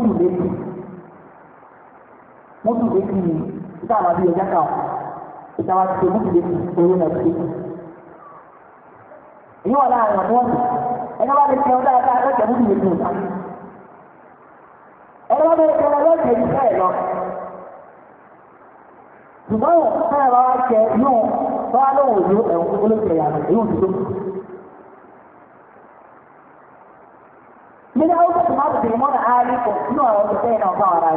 létí ni ìta ìta ti ṣe létí orí náà ti ìyẹn wà láàrin ẹ̀rọ bá lè tẹ̀wọ́ dáadáa lọ́jọ́ mú mi dùn ká ẹ̀rọ bá lè tẹ̀wọ́ lọ́jọ́ yìí bẹ́ẹ̀ lọ. ṣùgbọ́n ẹ̀rọ bá wá jẹ yóò bá wá lóhùn ìlú ẹ̀wọ̀n olóṣèlú yàrá èyí ò dúró. من أول ما تسلمون عالي فسنوا وتسين وطارا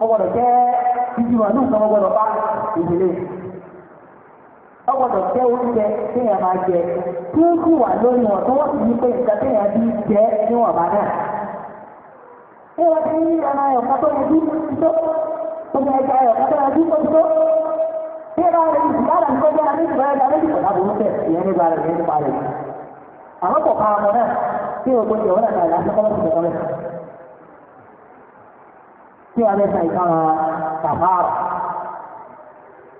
Ọgbọ̀dọ̀ jẹ́ jíjí wọn náà sọ́wọ́ gbọ́dọ̀ bá ìdílé ọgbọ́dọ̀ jẹ́ oúnjẹ téèyàn máa jẹ tí ó sì wà lórí wọn tó wọ́n sì ní pé nǹkan téèyàn bí jẹ́ níwọ̀nba náà ní wọ́n ti ní ẹran ẹ̀ka tó yẹjú tó omi ẹja ẹ̀ka tó yẹjú tó tó bí ẹ̀ka rẹ̀ ti ní kọjá ní ìgbà ẹja méjì kò lábò wúkẹ́ ìyẹn ní ìgbà rẹ̀ ìyẹn nípa rẹ̀ àwọn kò ká ọmọ náà tí o gbọ́dọ̀ ọ̀rẹ́ náà lásìkò lọ́sìkò lọ́sìkò sàmáàrà.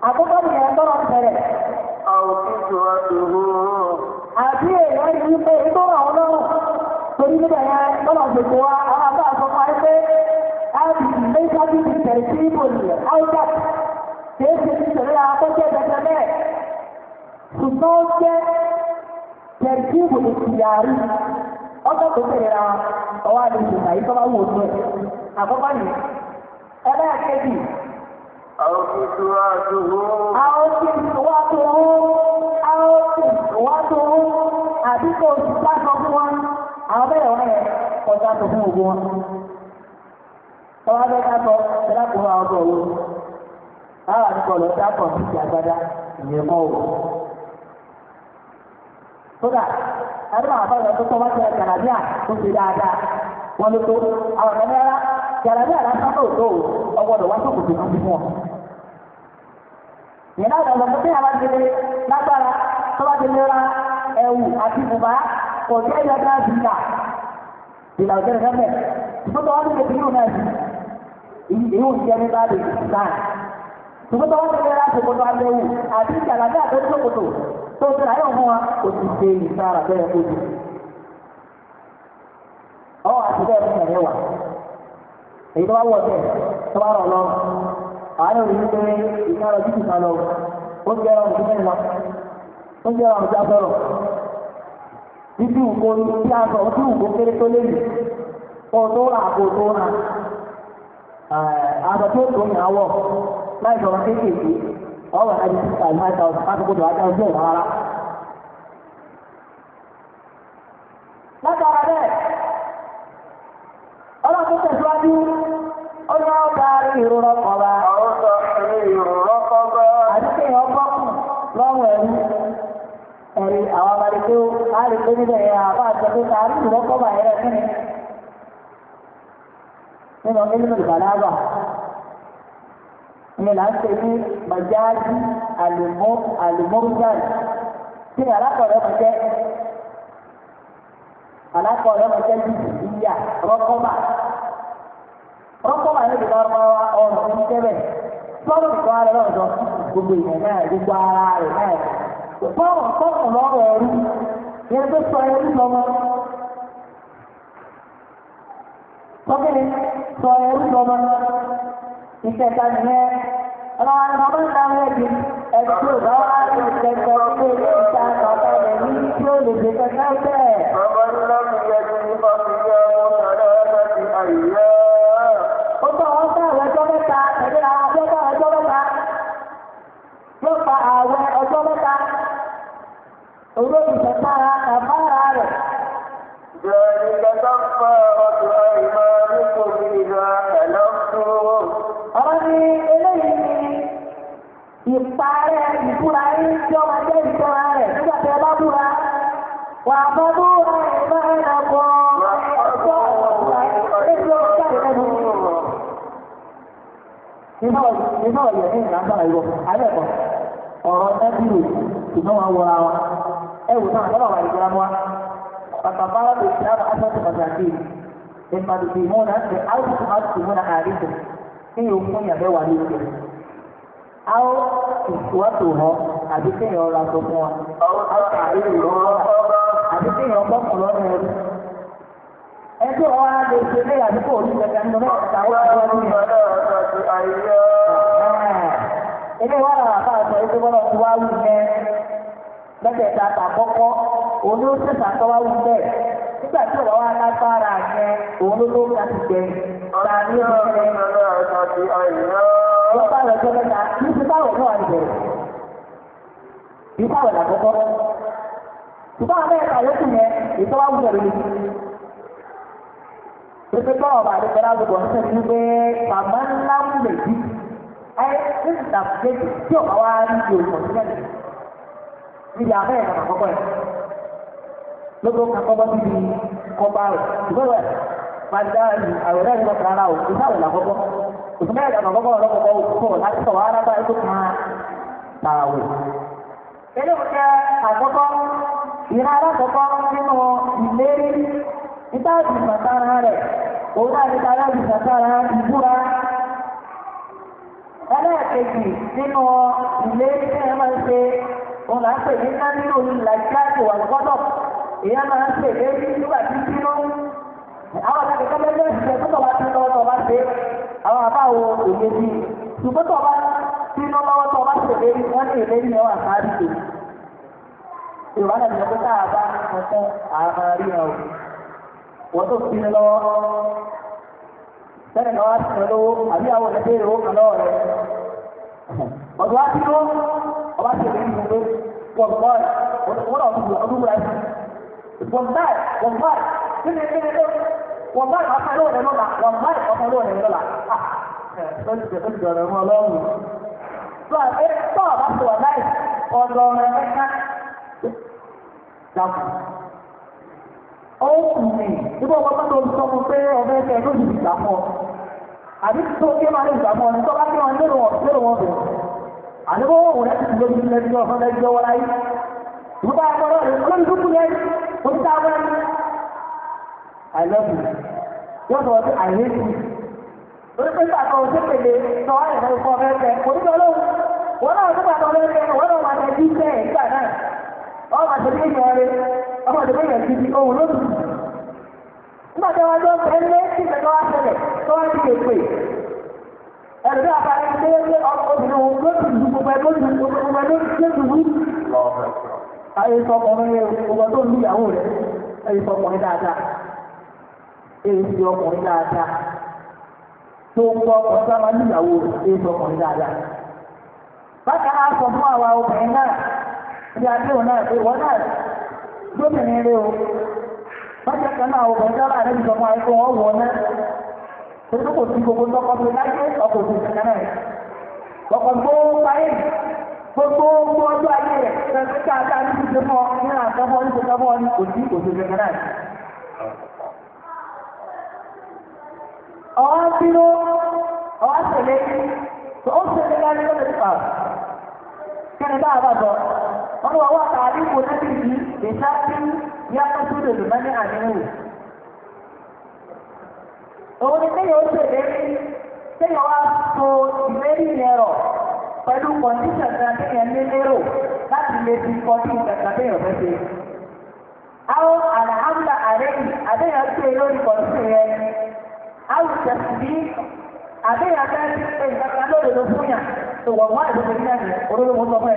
Àkọ́kọ́ ni ẹ̀tọ́ lọ bẹ̀rẹ̀. Àwọn ìjọ ìrú. Àbí èèyàn yìí pé ìtọ́ àwọn náà torí níbẹ̀ yẹn lọ́nà gbogbo wa àwọn àbá àsọpá pé láti ilé ìtọ́jú ti tẹ̀lé sí ìbò ìlẹ̀ áúdà kìí ṣe ti tẹ̀lé akọ́jẹ́ dandan bẹ́ẹ̀. Ṣùgbọ́n ó jẹ́ tẹ̀lé sí ìbò ìyàrí ọjọ́ tó tẹ̀lé ra ọwọ́ àlejò àyíkọ́ bá wò ó ẹlẹ́ẹ̀kejì. Àwọn ti tura tó Àwọn ti tura tó hó. Àwọn ti tura tó hó. Àbí kò fún wọn. Àwọn bẹ̀rẹ̀ wọn yẹn kọ́ sáfọ fún ògùn wọn. Tọ́wọ́ bẹ́ẹ̀ àwọn Àwọn lọ sí àgbádá ìyẹn mọ́ òun. àbáyọ̀ tó tọ́wọ́ sí yàrá bí àrà sábà ò tó o ọgbọ́dọ̀ wá sókòtò kan bí wọn. yẹn náà lọ sọ pé àwọn akéde lágbára tó bá ti lera ẹ̀wù àti bùbá kò ní ẹyọ dáa jìnnà ìlà òjò rẹ mẹ ìfọdọ wọn ti fi yóò náà di ìyóò jẹ ní bá lè sáà ìfọdọ wọn ti lera sòkòtò àbẹ̀wò àti yàrá bí àtẹ sòkòtò tó ti ráyọ̀ fún wa kò ti ṣe ìsára bẹ́ẹ̀ kó di. ọ̀ èyí tó bá wọ̀ bẹ́ẹ̀ tó bá rọ̀ lọ òní pé títí kan lọ ó jẹ́ ọ̀rọ̀ ó jẹ́ ọ̀rọ̀ sọ̀rọ̀ títí tí a sọ tí nǹkó kéré tó lé yìí kó tó rà kó tó rà ọ tó tó yàn wọ̀ láì sọ̀rọ̀ kéékèèké ọ̀rọ̀ àti síbẹ̀ àbá àjọpé káàrí ìrọ́pọ̀ bàyẹ̀rẹ̀ kíni nínú mílíọ̀nù ìbàlábà ni là ń pè ní majáàjì àlùmọ́rúgàn tí alákọ̀ọ́rẹ́ mi jẹ́ alákọ̀ọ́rẹ́ mi jẹ́ ìyá rọ́kọ́bà rọ́kọ́bà yóò di lọ́rọ́wọ́ ọ̀rọ̀ ní tẹ́lẹ̀ fọ́ọ̀mù ìtọ́ ara rẹ̀ ọ̀dọ́ gbogbo ìyẹn náà gbogbo ara rẹ̀ náà fọ́ọ̀mù fọ́ọ̀mù lọ́rọ̀ ẹ̀rú yẹn tó sọ ẹrú lọ́mọ tọ́kẹ́ni sọ ẹrú lọ́mọ ìṣẹ̀dá nìyẹn ọlọ́wọ́n ni bàbá ńlá rẹ̀ di ẹ̀sùn ọ̀gá wa ní ìṣẹ̀dá rẹ̀ ní tí ó lè gbé kẹta bẹ́ẹ̀. bàbá wọn fún àwọn ọjọ́ mẹ́ta pẹ̀lú àwọn ọjọ́ ọjọ́ mẹ́ta yóò pa àwọn ọjọ́ mẹ́ta olóògùn ذلك كفارة أيمانكم إذا حلفتم أرني إليه ẹ bá búra wà á bọ́ wa. فكفارة إسلام عشرة مساكين إما تطعمون أو تطعمون حارسا kí o fún yàn mẹ́wàá ní ìpè. a ó ìtúwàtò hàn àbí kéèyàn ọ̀rọ̀ aṣọ fún wa. ọ̀rọ̀ àìlè lọ́wọ́ àbí kéèyàn ọgbọ́kùn lọ́nà ẹ̀rú. ẹ tó ọwọ́ á lè ṣe lé àdúgbò orí ìjọba nínú mẹ́ta wọ́n ti wọ́n ní ẹ̀. ilé wa làwọn àbá àṣọ ìgbébọ́lọ́ ti wá wù yẹn àkọ́kọ́ òun ló tẹ̀sà tọ́wá wù bẹ́ẹ̀ nígbà tí ọ̀rọ̀ wa lágbára jẹ òun ló ló ká jẹ ọ̀rọ̀ ní ọ̀rẹ́ wọ́n bá lọ́jọ́ mẹ́ta ní ti báwọ̀ náà ń bẹ̀rẹ̀ ìbáwọ̀ làkọ́kọ́ ṣùgbọ́n abẹ́ ẹ̀ka yókù yẹn ìtọ́wá wù bẹ̀rẹ̀ ni Ebi bọ́ọ̀ bá pẹ̀lú àgùgbọ̀ ń sẹ́kú pé màmá ńlá ń lè jí. Ẹ ní ìdàgbé tí ọ̀gá wa ń di òògùn sílẹ̀ níbi abẹ́ ẹ̀ka àkọ́kọ́ yẹn lọ́gbọ́ kan kọ́ bá ti di kọ́ba rẹ̀ ìgbọ́wẹ̀ padà àwòrán ìlú ọkàn ara o ìsáwò làkọ́kọ́ òtún mẹ́rin àmọ́ kọ́kọ́ ọlọ́kọ̀ọ́kọ́ òkúkọ̀ láti sọ̀rọ̀ ara bá ètò kan tààwẹ̀. eléyìí jẹ́ àkọ́kọ́ ìran alákọ̀ọ́kọ́ nínú ìlérí níta ti sàtara rẹ̀ òun náà níta láti sàtara ìbúra ẹlẹ́ẹ̀kejì nínú ìlérí tí wọ́n máa ń ṣe òun là ń pè ní nánú ìlàjì láti wà lọ́dọ̀ ìyá máa ń ṣe èlé nígbà tí tí mọ́ àwọn àgbàdo kọ́lé lé ìṣẹ́ tó tọ̀ bá ti lọ́wọ́ tó bá ṣe àwọn àbá wo èyí sí ṣùgbọ́n tó bá ti lọ́wọ́ tó bá ṣe èlé wọ́n ní èlé ní ọ̀hún àkáàdì tó Yorùbá náà lọ pé tá a bá ń fún àmà rí ọ wọ́n tó fi lọ́wọ́ sẹ́ni lọ́wọ́ ti lọ́wọ́ àbí àwọn ọ̀dẹ́gbẹ́ ìrò kan lọ́wọ́ rẹ̀ ọ̀dọ́ wa ti lọ́wọ́ ọba ṣe èlé ìlú pé wọ́n bọ́ọ̀lù wọ́n náà ti wọ̀nbáì wọ̀nbáì kíni kíni tó wọ̀nbáì ọ̀ka lóore lọ́la wọ̀nbáì ọ̀ka lóore lọ́la ó ti dọ̀rọ̀ mọ́ ọlọ́run. tó a tó a bá tó wọ̀nbáì ọ̀dọ̀ rẹ̀ mẹ́ta dàpọ̀. ó kù mí nígbà wọn bá tó sọ fún pé ọbẹ̀ kẹ́ ló ti dà mọ́ àbí tó kí máa ń dà mọ́ ní tó kí wọn lérò wọn lérò wọn bẹ̀rẹ̀ àdébọ̀wọ̀ Muka kalau belum cukup ya, kamu tahu kan? I love you. Yo tahu tu I hate you. Orang kita kau tu pede, kau ada kau kau pede. Orang kalau orang tu kau pede, orang macam ni pede, kan? Oh macam ni pede, oh macam ni pede, oh lu. Muka kalau tu pede, kita kau pede, kau pede pede. Ẹ̀rọ bí àbáyé ṣe é ṣe ọkọ̀ obìnrin òun ló ti dùn gbogbo ẹ̀ ló ti dùn gbogbo ẹ̀ ló ti dùn gbogbo ayé sọkùnrin rẹ ọgbà tó ń bí ìyàwó rẹ ayé sọkùnrin dáadáa ayé sí ọkùnrin dáadáa tó ń gbọ́ ọkùnrin sábà ní ìyàwó rẹ ayé sọkùnrin dáadáa. bákan náà sọ fún àwa obìnrin náà tí a náà pé wọ́n náà gómìnà rẹ o bákan náà obìnrin sábà rẹ ti sọ fún àyíkó wọn wọ náà tó tó kò sí gbogbo tọkọ tó láyé ọkọ̀ òsì kankan náà gbogbo gbogbo ọjọ́ ayé rẹ̀ ṣẹ̀ṣẹ̀ dáadáa ní ti ṣe mọ́ ní àtọ́fọ́ ní ṣẹ̀ṣẹ̀fọ́ ní kò sí kò ṣẹ̀ṣẹ̀ kan náà. ọ̀hún dúró ọ̀hún ṣẹlẹ̀ tó ó ṣẹlẹ̀ láyé lọ́dọ̀ nípa kẹ́ni bá a bá bọ̀ wọ́n ní wọ́n wá tààrí ipò náà ti di sí yàtọ̀ sí lòlù mọ́ ní àdéhùn. òun ni kéèyàn ó ṣèlérí kéèyàn wá so ìlérí yẹn rọ̀ pẹ̀lú kọ̀ǹdíṣàn kan téèyàn ní lérò láti lè fi kọjú kàkà téèyàn Àwọn àlàáfíà àrẹ́yìn àdéhàn lórí kọ̀ǹdíṣàn yẹn. Àwọn ìṣẹ̀sìbí àdéhàn fẹ́ ṣe pé ìgbàgbà lóde ló fún yàn tó wọ̀ wọ́n àdéhùn ní àná sọ fún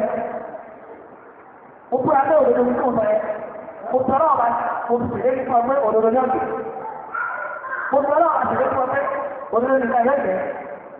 ẹ. òdodo fún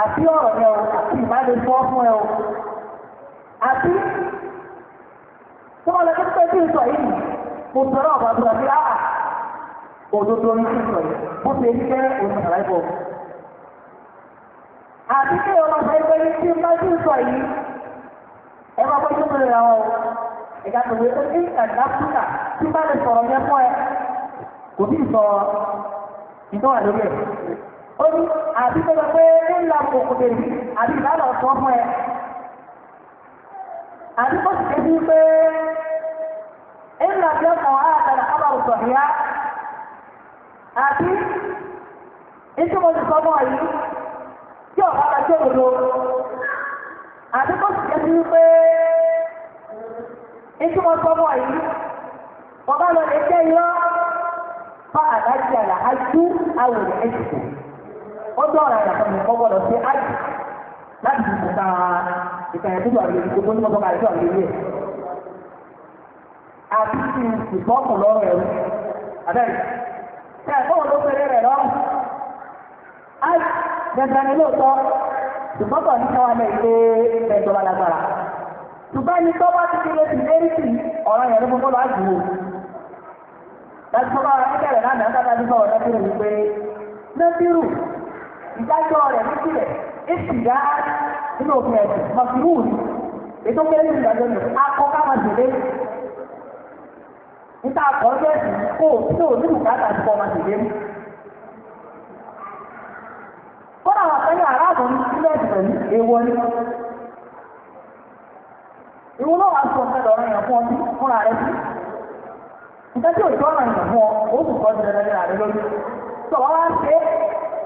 àti ọ̀rọ̀ yẹn o àti ìbáde fọ́ fún ẹ o àti tí wọ́n lọ sí pé bí ìsọ̀ yìí kò sọ̀rọ̀ ọ̀bọ̀ àti ọ̀bí àà òdodo ní sí ìsọ̀ yìí bó ṣe ń jẹ́ òṣìṣẹ́ ìbọ̀. àti tí ọmọ ọ̀sẹ̀ ìgbẹ́ yìí tí ń bá sí ìsọ̀ yìí ẹ máa gbọ́ tó bẹ̀rẹ̀ àwọn ẹ̀dá tó wé ní ẹ̀dáfíkà tí bá lè sọ̀rọ̀ yẹn fún ẹ kò sí ìsọ̀ ìtọ́wà lórí ẹ̀. ó àbí tó lọ pé ó ń la kòkò ya. àbí ìbálò ọ̀sán fún ẹ àbí kó sì débi pé ń la bí ọkàn àtàrà kábàrò sọ̀rìyá àbí ìtí mo ti sọ yìí tí bá tó lò àbí kó sì débi pé mo sọ yìí ọba lọ lè fún ọjọ́ ọ̀rọ̀ àyàfọ́ mi kọ́ gbọ́dọ̀ sí àjì láti dìbò ta ìkànnì tó wà lórí gbogbo ní mọ́tò káyọ̀ tó wà lórí ẹ̀. àti ti ìfọ́kùn lọ́rọ̀ ẹ̀rú abẹ́rẹ́ tẹ́ ẹ̀kọ́ wọn ló fẹ́rẹ́ rẹ̀ lọ́rùn. àjì dandan ni lóòótọ́ ìfọ́kọ̀ ní káwọn ẹ̀ ilé ẹ̀jọba lágbára. ṣùgbọ́n ní tọ́wọ́ ti kéré ti lérí sí ọ̀rọ̀ yẹn ní gbogbo lọ́ Láti fọ́nmọ́ ara ń kẹ̀rẹ̀ lánàá ń dábàá nípa ọ̀rẹ́ nínú wípé Nẹ́bírù ìdájọ́ rẹ̀ ní sílẹ̀ ìsìgá nínú òfin ẹ̀sìn mọ̀síwúùdì ètò kéré ìdájọ́ rẹ̀ akọ káma dèlé níta àkọ́ ọjọ́ ẹ̀sìn kó o tí o ní bùkátà ti kọ́ ọmọ dèlé kódà wà aráàlú ní sílẹ̀ ìwọ náà wà sọ lọ́rọ̀ fún fúnra rẹ sí. ìtẹ́jú òjò fún ọ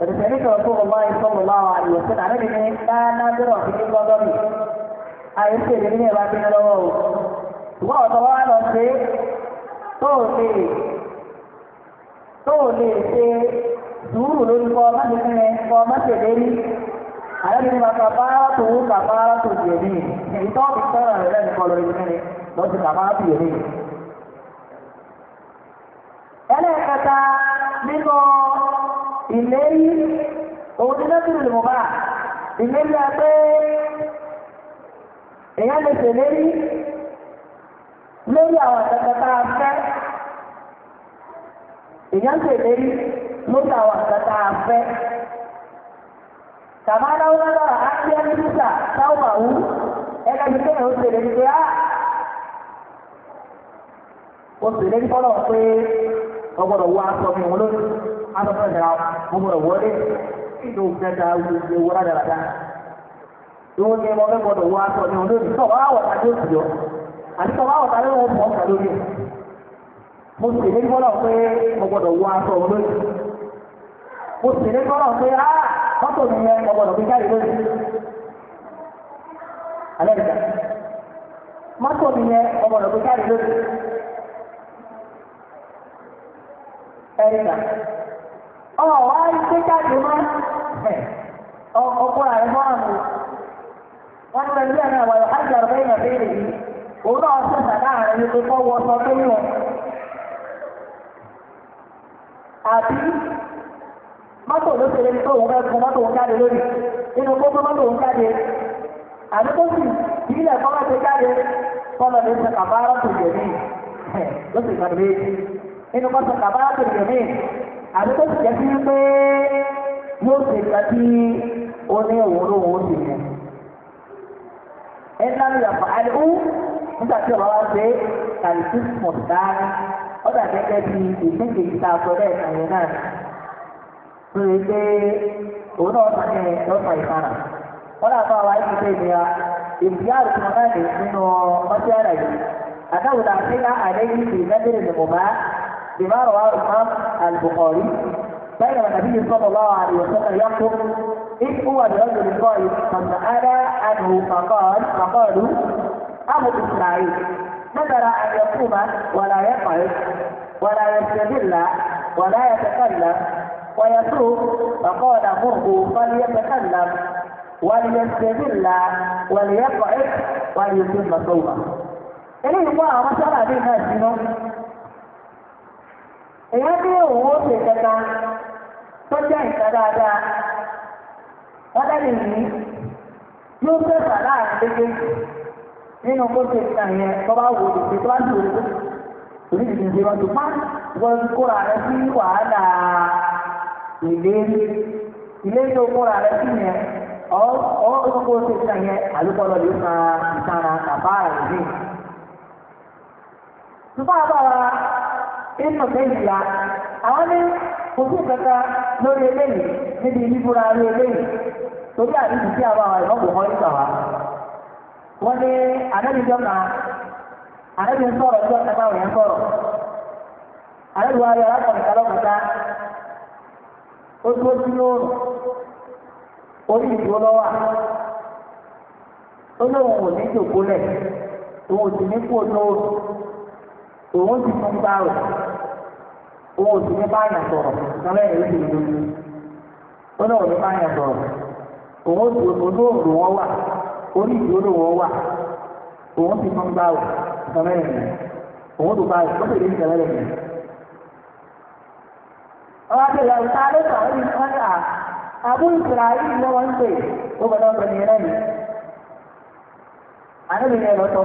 وبذلك رسول الله صلى الله عليه وسلم على بني لا نادر في النظر أي سيد بني بابين لو وقال طبعا لسي تولي تولي سي سورو للقوامة لكني قوامة سيدري على بني وكفارة كفارة اليمين يعني طب اكتر لنا نقول لكني لو كفارة اليمين ألا كتا منه ìlérí òun ní lọ́sùn lè mọ̀ bá ìlérí abẹ́ èèyàn lè ṣèlérí lórí àwọn àtàkà tá a fẹ́ èèyàn ṣèlérí lórí àwọn àtàkà tá a fẹ́ kàmá láwùláwà á ti ẹni títà táwọn àwù ẹgbẹ́ mi kéèyàn ó ṣèlérí pé á ó ṣèlérí fọlọ́ pé ọgbọ́dọ̀ wọ aṣọ mi wọn lónìí adama da mumura wale ido gada wuce wura da rada yóò ní ọmọ mẹ́kọ̀ọ́ tó wá sọ ní ọdún yìí tó wá wọ̀ta ní oṣù yọ àti tó wá wọ̀ta ní wọn fọ́ ọ̀kà lórí ẹ̀ mo sì ní gbọ́dọ̀ pé mo gbọ́dọ̀ wá sọ lórí mo sì ní gbọ́dọ̀ pé á mọ́tò mi yẹn mo gbọ́dọ̀ fi jáde lórí alẹ́ nìkan mọ́tò mi yẹn mo gbọ́dọ̀ fi jáde lórí ẹ̀ríkà ọ̀wá ṣe jáde mọ́ ọkọ rẹ̀ mọ́ wọ́n ti lẹ́yìn ẹ̀rọ àwọn àjàrò bẹ́yìn ọ̀bẹ́rẹ̀ yìí òun náà ṣe sàdá àárín ní kó wọ sọ tó wọ̀ àbí mọ́tò ló ṣe lé tó òun fẹ́ fún mọ́tò òun jáde lórí nínú kó fún mọ́tò òun jáde àbí tó sì ìbílẹ̀ kọ́ máa jáde kọ́lọ̀ ló ṣe kàbárà tó yẹ̀ ló ṣe kàbárà tó yẹ̀ àbí tó ti jẹ́ sí pé yóò ṣe ìgbà tí ó ní òun ló wò ó sì mú. ẹ̀ka ló nígbà tí ọba wa ṣe mọ̀tá ọ̀dà gẹ́gẹ́ bí ìdíje ìta náà òun náà ní ọ̀sán ìfarà. wọ́n fún náà nínú ọtí yìí. àdéhùn بما رواه الإمام البخاري بينما النبي صلى الله عليه وسلم يخطب إذ هو برجل طيب قائد فسأل عنه فقال فقالوا أبو إسماعيل نذر أن يصوم ولا يقعد ولا يستدل ولا يتكلم ويصوم فقال مره فليتكلم وليستدل وليقعد وليتم صومه. إليه شاء الله بين الناس èèyàn ní òun ó ṣe kẹta tó jẹ́ ìta dáadáa wọ́n yìí yóò fẹ́fà láàrin nínú kó ṣe ìta yẹn tó bá wò lè ṣe tó bá ń lò lè orí má wọ́n rẹ sí wàhálà tó rẹ sí yẹn ṣe ìta yẹn yóò ìtara nínú méjìlá àwọn ní ojú ìkẹta lórí eléyìí níbi ìfúra rí eléyìí torí àdìsí sí àwọn àwọn ìmọ̀ kò mọ́rí sàwá. wọ́n ní àdébìjọ́ kan àdébì ń sọ̀rọ̀ ọjọ́ ìkẹta òyìn ń sọ̀rọ̀ àdébì wa rí arákùnrin kálọ́kùnrin ó dúró sí lóòrùn orí ìdúró lọ́wọ́ ó lóun ò ní jòkó lẹ̀ òun ò sì ní kú òjò òòrùn òun ti fún bá rẹ̀ òun ò sì ní bá sọ̀rọ̀ lọ́lẹ́ ìlú ti lóyún ó náà ní bá sọ̀rọ̀ òun ti olóòrò wọn wà orí ìdúró wọn wà òun ti fún bá rẹ̀ lọ́lẹ́ ìlú òun tó bá rẹ̀ ó sì lè tẹ̀lé rẹ̀. ọba tẹ̀lé ọ̀rọ̀ ta ló sọ̀rọ̀ ní ọjà àbú ìsirà yìí lọ́wọ́ ń pè ó gbọ́dọ̀ ọ̀gbẹ́ni ẹlẹ́ni àdébìnrin ẹ̀ lọ́tọ̀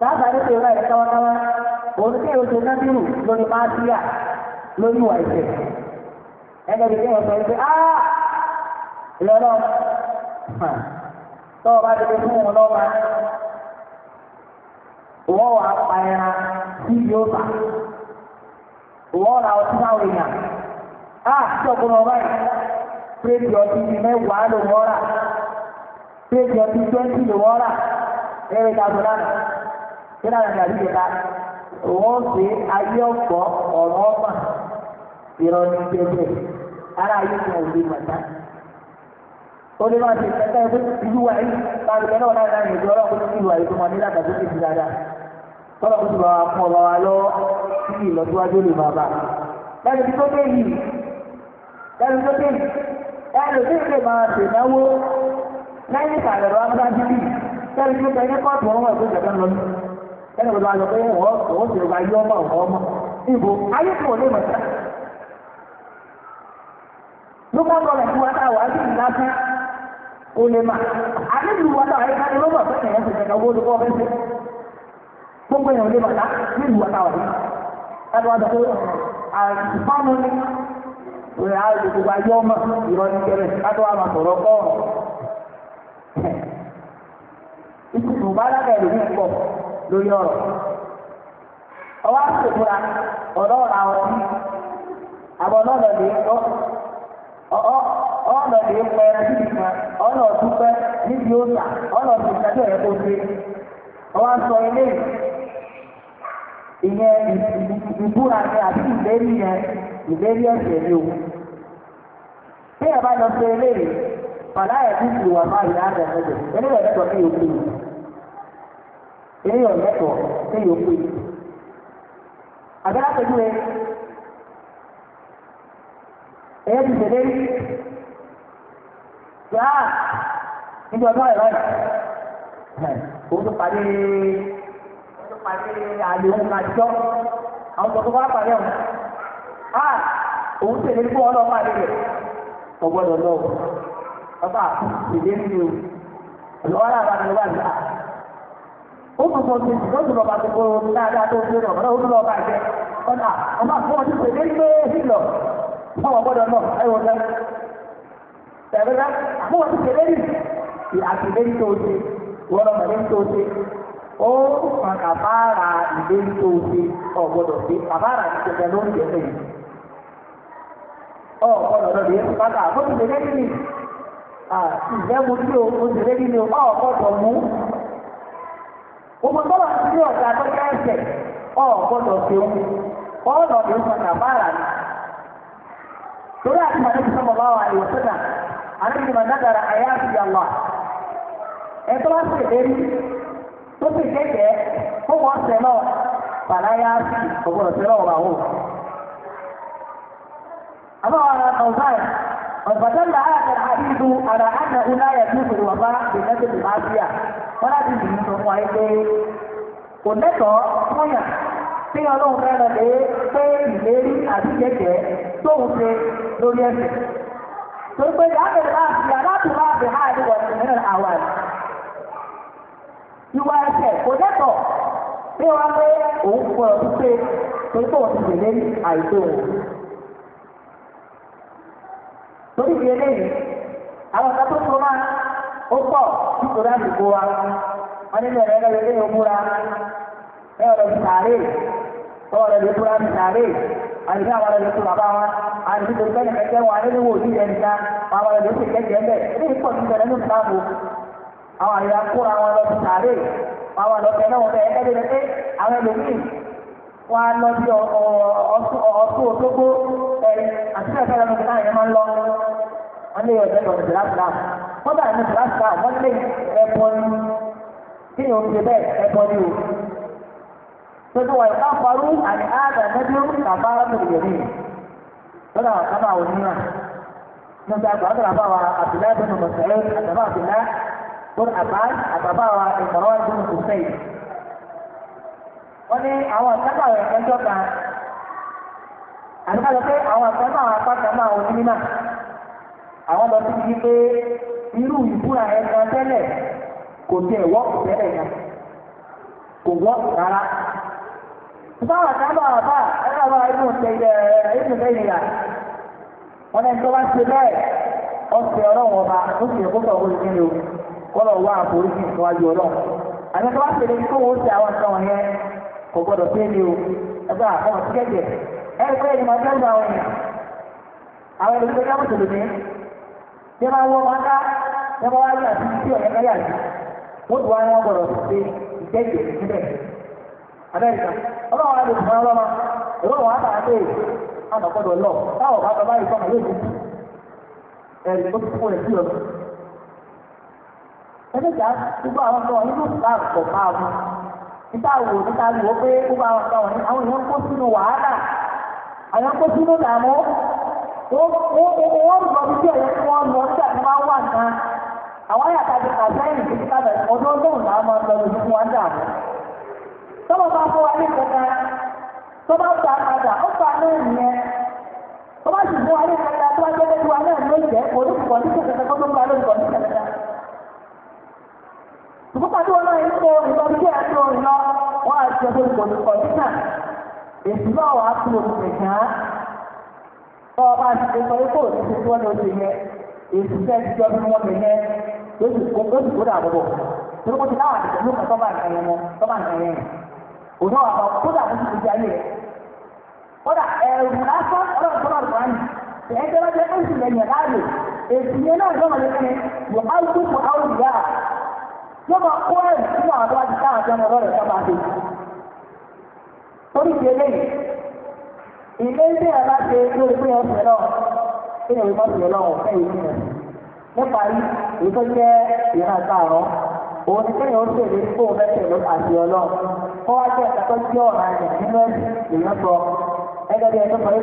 sábà ní ìrora ẹ̀ káwakáwa òun tí èrò ṣe nábìrù lórí máàdíà lórí ìwà ìṣẹ̀ ẹgbẹ́ bíi kéèyàn sọ wípé á lọ́rọ́ tó o bá ti fi fún un lọ́ba wọ́n wàá pa ẹran tí yóò bà wọ́n ra ọtí náà wìyàn á tí ọkùnrin ọba yìí péjì ọtí mẹ́wàá ló wọ́n péjì ọtí twenty ló wọ́n rà ẹ̀rẹ́dàgbọ́n lánàá kí náà ní àdìgbà wọ́n ṣe ayé ọ̀pọ̀ ọ̀rọ̀ ọ̀mà ìrọ̀lẹ́ ìjẹ́bẹ̀ ara ayé ti ọ̀gbìn màtá. ó lè máa ṣe ìtẹ́tẹ́ ẹgbẹ́ ìlú wa yìí láàbùkẹ́ náà láti rìn ìjọ ọlọ́run tó ìlú wa yìí tó máa ní látàkó tó ti dáadáa. tọ́lọ̀ kó ti bá wa fún ọba wa lọ sí ìlọsíwájú lè bàbá. lẹ́nu tó dé yìí lẹ́nu tó dé yìí lẹ́nu tó dé máa ṣèdáwó lẹ́yìn ìpàdé ẹnì bàbá lọ pé wọ́n wọ́n ti rọ̀bà yọ ọmọ ọ̀họ́ ọmọ ìbò ayé kò lè mọ̀ sá. lókọ́ bọ̀lẹ̀ tí wọ́n táwọn á sì ń lásán ó lè mà àlejò wọn táwọn ayéká ni lọ́mọ̀ fẹ́ kẹ̀yẹ́ fẹ̀kẹ̀ owó ló kọ́ fẹ́ gbogbo èèyàn lè mà sá nílùú wọn táwọn yìí ẹni wọn dọ̀tọ́ àìsífọ́nù ni òyà gbogbo ayé ọmọ ìrọ̀lẹ́ kẹrẹ kátó wà bá lábẹ́ ìlú pọ̀ lórí ọ̀rọ̀. ọwọ́ àtòkúra ọ̀rọ̀ ọ̀rọ̀ àwọn ọ̀hún àbọ̀ náà lọ lè kọ́ ọ̀nà ọ̀nà ọ̀dúpẹ́ níbi ọ̀sà ọ̀nà ìgbàjọ́ rẹ̀ kó gbé. ọwọ́ àtọ ilé ìyẹn ìbúra ni àti ìlérí yẹn ìlérí ni o. bí ẹ bá lọ sí ilé yìí ti wà èèyàn lẹ́tọ̀ọ́ téèyàn pè é àbẹ́rẹ́ rẹ̀ èyẹ ti tẹ̀lé yá níbi ọdún ẹ̀rọ yìí òun tó parí òun àjọ àwọn tó ọ̀hún òun tẹ̀lé rẹ̀ ọgbọ́dọ̀ ọba o ọ̀dọ́ ó mọ̀ mọ̀ sí ìṣòro ìṣòro bàbá tó kọ́ dáadáa tó ń lérò ọ̀rọ̀ ó lọ bá jẹ ọ̀nà ọmọ àfọwọ́ ti pè é gbé hìlọ̀ fọwọ́ gbọ́dọ̀ náà ẹ̀wọ̀n náà tẹ̀lẹ́dá àfọwọ́ ti pè é rí ìhàtìlẹ́ ń tó ṣe wọ́n ní ń tó ṣe ó kàn kàbára ìlé ń tó ṣe ọ̀gbọ́dọ̀ sí kàbára ìṣẹ̀lẹ̀ ló ń jẹ́ lẹ́yìn ọ̀gbọ́dọ̀ lọ́dọ̀ gbogbo tọ́lọ̀ sí ọ̀gá tó yá ẹ̀jẹ̀ ọ̀ gbọ́dọ̀ ṣeun ọ̀rọ̀ ló sọ kàfàrà ni. torí àti màdé ti sọ́mọ̀ báwa ìwọ̀ nwere àti ìgbìmọ̀ dágara ya àti ìyàlọ́ ẹ tó bá tó sì kéèké yá sí وفتل هذا الحديث على أنه لا يجوز الوفاء بنسب المعصية ولا تجوز الوفاء kò lẹ́tọ̀ọ́ fúnyà tí ọlọ́run fẹ́ lọ lè pé ìlérí àti jẹ́jẹ́ tóun ṣe lórí ẹ̀sẹ̀. torí pé ìyáàbẹ̀ máa fi aláàbò máa fi há ní wọ̀nyí mìíràn àwà rẹ̀. ìwà ẹ̀sẹ̀ kò lẹ́tọ̀ọ́ bí wọ́n pé òun gbọ́dọ̀ pípé torí pé òun ti lè lérí àìsí òun torí ìdí eléyìí àwọn ọ̀gá tó tó máa ó pọ̀ nítorí àdìgbò wa wọn nínú ẹ̀rọ ẹ̀rọ ilé ìmúra ẹ̀rọ ìsàárè ọ̀rọ̀ ìlú ìmúra ìsàárè àdìgbò àwọn ọ̀rọ̀ ìlú bàbá wa àdìgbò tó gbẹ́ni kẹ́kẹ́ wọn nínú wò ní ẹ̀ǹda àwọn ọ̀rọ̀ ìlú kẹ́kẹ́ ẹ̀ ní ìpọ̀ ní ìbẹ̀rẹ̀ ní ìsàbò àwọn àyà kóra wọn lọ ìsàárè àwọn ọ̀rọ̀ wọn á lọ bí ọtún òtógbó ẹ̀yìn àti ẹ̀fẹ́ lọ́nà ìgbà yẹn máa ń lọ wọn lé ọ̀dẹ́ lọ ìdílá sílá wọn bá ní ìdílá sílá wọn lé ẹbọ ni kí ni òun ṣe bẹ́ẹ̀ ẹbọ ni o tóbi wọn ìka farú àti áàdà mẹ́jọ kàfá lọ́dọ̀dọ̀dọ̀ mi lọ́dọ̀ àwọn kábà òun náà nígbà àgbà ọ̀dọ̀ àbá wa àbílá bẹ́ẹ̀ nù mọ̀sẹ̀lẹ́ àtàbà àbílá bọ́n àbá àtàbà wa ìkọ̀rọ̀ wọ́n ní àwọn àtàkà rẹ̀ ẹjọ́ kan àtàkà pé àwọn àtàkà àwọn apáta náà náà àwọn lọ sí pé irú ìbúra tẹ́lẹ̀ kò tẹ̀ wọ́pù tẹ́lẹ̀ ya, kò wọ́pù rárá. Báwa ká bá àwọn kò gbọdọ̀ sí ẹni o ẹgbẹ́ àwọn ti gẹ́gẹ́ ẹni pé ẹni máa dẹ́rù àwọn èèyàn àwọn èèyàn ìgbéga mùsùlùmí bí máa wọ máa ká ẹ máa wá rí àti tí ọ̀yẹ́ kárí àti wọ́n ti wá wọn gbọdọ̀ sí ìgẹ́gẹ́ níbẹ̀ abẹ́rẹ́ta ọlọ́run àti ìfọ̀n ọlọ́mọ ìwọ́n wọn àtàwọn pé àtàkọ́dọ̀ lọ táwọn bá bàbá yìí fọmọ lójú ẹ̀rí ó ti kó rẹ̀ sí ọ̀nà ẹgbẹ́ta gbogbo àwọn níta wò níta pé ó bá wọn kọ́ ọ̀rẹ́ àwọn èèyàn kó sínú wàhálà àwọn kó sínú ìdààmú wọ́n lọ sí ẹ̀yẹ kí wọ́n lọ sí àti máa wà nǹkan àwọn àyàtà ti kà sẹ́yìn títí kábẹ̀ ọdún ọdún làá máa lọ lójú fún wọn dààmú. tọ́wọ́ bá fún wa ní kankan bá ta padà ó fa náà nìyẹn tó sì fún wa ní kankan tó bá jẹ́ náà tí wọn náà ń kó ìlọsí ẹ̀sìn òun lọ wọn àti ọdún kò ní kọ̀ọ̀tínà èsì náà wàá tún òun nìkan kọ́ ọba àti sọ pé yóò máa kó ẹ̀rù sínú àwọn àti àti ọmọ rẹ̀ sábà dé. Torí ti eléyìí, ìlé ilé ẹ̀ ṣe lórí pé ọ̀sẹ̀ náà, kí ni ìwé ọ̀sẹ̀ náà ọ̀fẹ́ yìí nìyẹn. Nípa yìí, èyí tó jẹ́ ìran àtàrọ̀, òun ni kéèyàn ó ṣèlè kó o mẹ́tẹ̀ ló àti ọlọ́run. Kọ́ wá jẹ́ ẹ̀ka tó jẹ́ ọ̀nà ẹ̀yìn nínú ẹ̀sìn èèyàn sọ. Ẹgbẹ́ bí ẹjọ́ sọ pé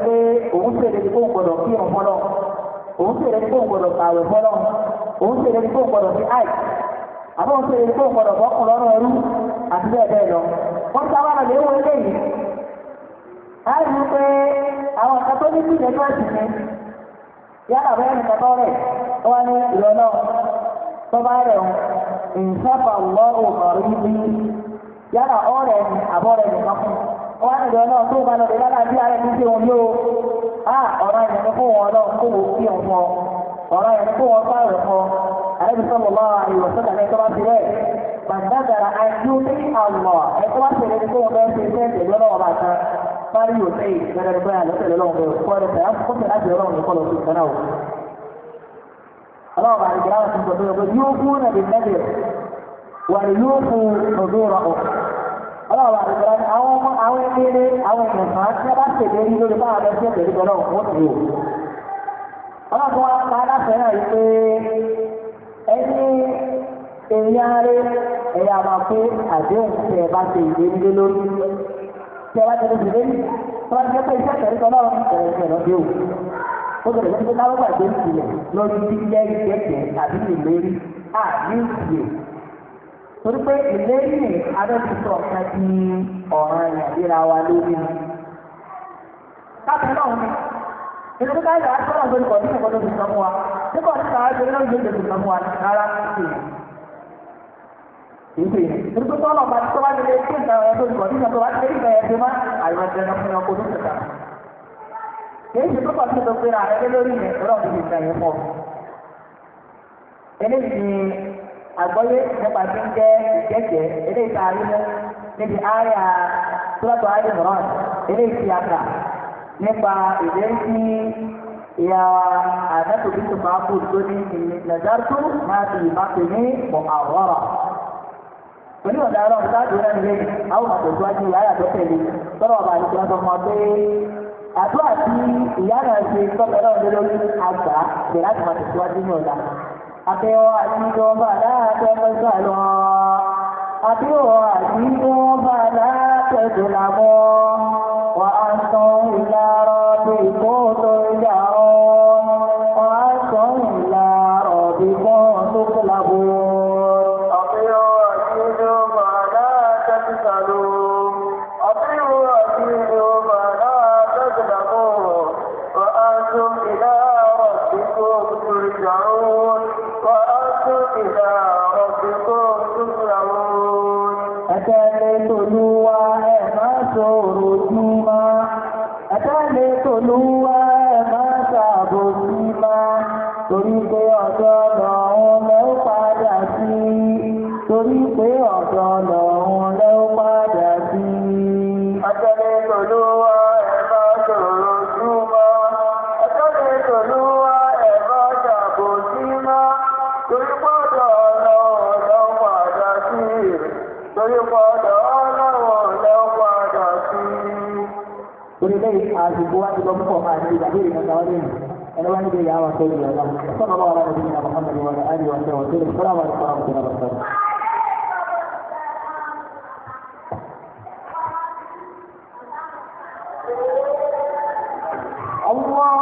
òun ṣèlè kó o kí òun fọ́lọ́. Òun ṣèlè kó o gbọ́dọ̀ kàwé fọ́lọ́. Òun ṣèlè kó o gbọ́dọ̀ fi àbọ̀ ṣe èyí tó gbọdọ̀ bọ́kùn lọ́rọ̀ ẹrú àti bẹ́ẹ̀ bẹ́ẹ̀ lọ. wọ́n ti àwọn a rí i pé àwọn yálà bẹ́ẹ̀ náà tó bá rẹ̀ ń bí yálà àbọ̀ rẹ̀ ó wá ní ìlọ náà tó bá lọ rẹ̀ yálà bí ara ẹni òun yóò النبي صلى الله عليه وسلم يقرأ بذلك من نذر أن يطيع الله يقرأ بذلك هو بس يسجد ولا وضعك فليطيع من الربا يسأل لهم ويقول فيسقط الأجر لهم يقول في التناول الله بعد جلالة الضبيب يوفون بالنذر وليوفوا نذورهم الله بعد جلالة أو أو يمين أو يمين فأنت بس يدري له بعد يسجد لهم ويقول الله تعالى سيقول ẹni ẹ̀yàrá ẹ̀yà máa kó àdéhùn tẹ̀ bá ṣe ìdéńdé lórí tẹ̀ wá tẹ̀lé ìdílé ní tọ́lá ti pẹ́ iṣẹ́ tẹ̀lé tọ́lá ẹ̀rẹ̀ ìṣẹ̀lẹ̀ dé o ó gbọ́dọ̀ jẹ́ pé káwọ́ gbàgbé ìṣẹ̀lẹ̀ lórí dílé tàbí ìlérí torí pé ìlérí ọ̀ràn Nítorí ká yàrá tí wọ́n lórí kọ̀ọ̀dún ìkọ̀dún ìsọ̀ fún wa. Ní kọ̀ọ̀dún ìkọ̀ àwọn ìgbéléwọ̀n ìgbéléwọ̀n ìgbéléwọ̀n ìsọ̀ fún wa rárá kìí. Kìí Nítorí tó lọ́ọ̀ bá tó wá lé kí nǹkan ẹ̀ lórí kọ̀ọ̀dún ìsọ̀ wá lé ìgbà ẹ̀ má àyọ̀ jẹun fún ọkọ̀ tó kẹta. Kìí ṣe tó kọ̀ọ̀dún tó pera ẹ̀ lórí yẹn lọ́ọ̀ fi ìgbà yẹn pọ̀. Eléyìí ni àgbọ́yé nípa tí ń jẹ́ jẹ́jẹ́ eléyìí tá a níbi ááyà tó lọ́tọ̀ ááyà eléyìí ti àkà nípa ìdẹ́sí ìyá àdàtòbí tó bá kú tó ní ìlú nàzàrtó máa fi ìbá pè ní mọ̀hàwọ́rọ̀. Pẹ̀lú ọ̀dà ọ̀rọ̀ ìsáàdù rẹ̀ nílé àwọn àtẹ̀síwájú ìyá àyàtọ̀ tẹ̀lé tọ́rọ̀ ọ̀bà àti ìjọba ọmọ pé àdúrà tí ìyá náà ṣe tọ́pẹ̀ náà lé lórí àgbà bẹ̀rẹ̀ láti máa tẹ̀síwájú ní ọ̀dà. Àbẹ̀wò àti ìjọba àdáhà تظلمون وأنتم إلى ربكم ترجعون وأنتم إلى ربكم تقلبون gbogbo wa ti lọ mú ọmọ àti ìgbàgbé ìrìnàjò wa lẹ́yìn ẹni wá níbi ìyá wa tó yẹ sọ́nà bá wà lára ìdílé àwọn ọmọdé wa ní àríwá tẹ wọ́n tẹ́lẹ̀ fúnra wa ní fúnra wọn tẹ́lẹ̀ Allah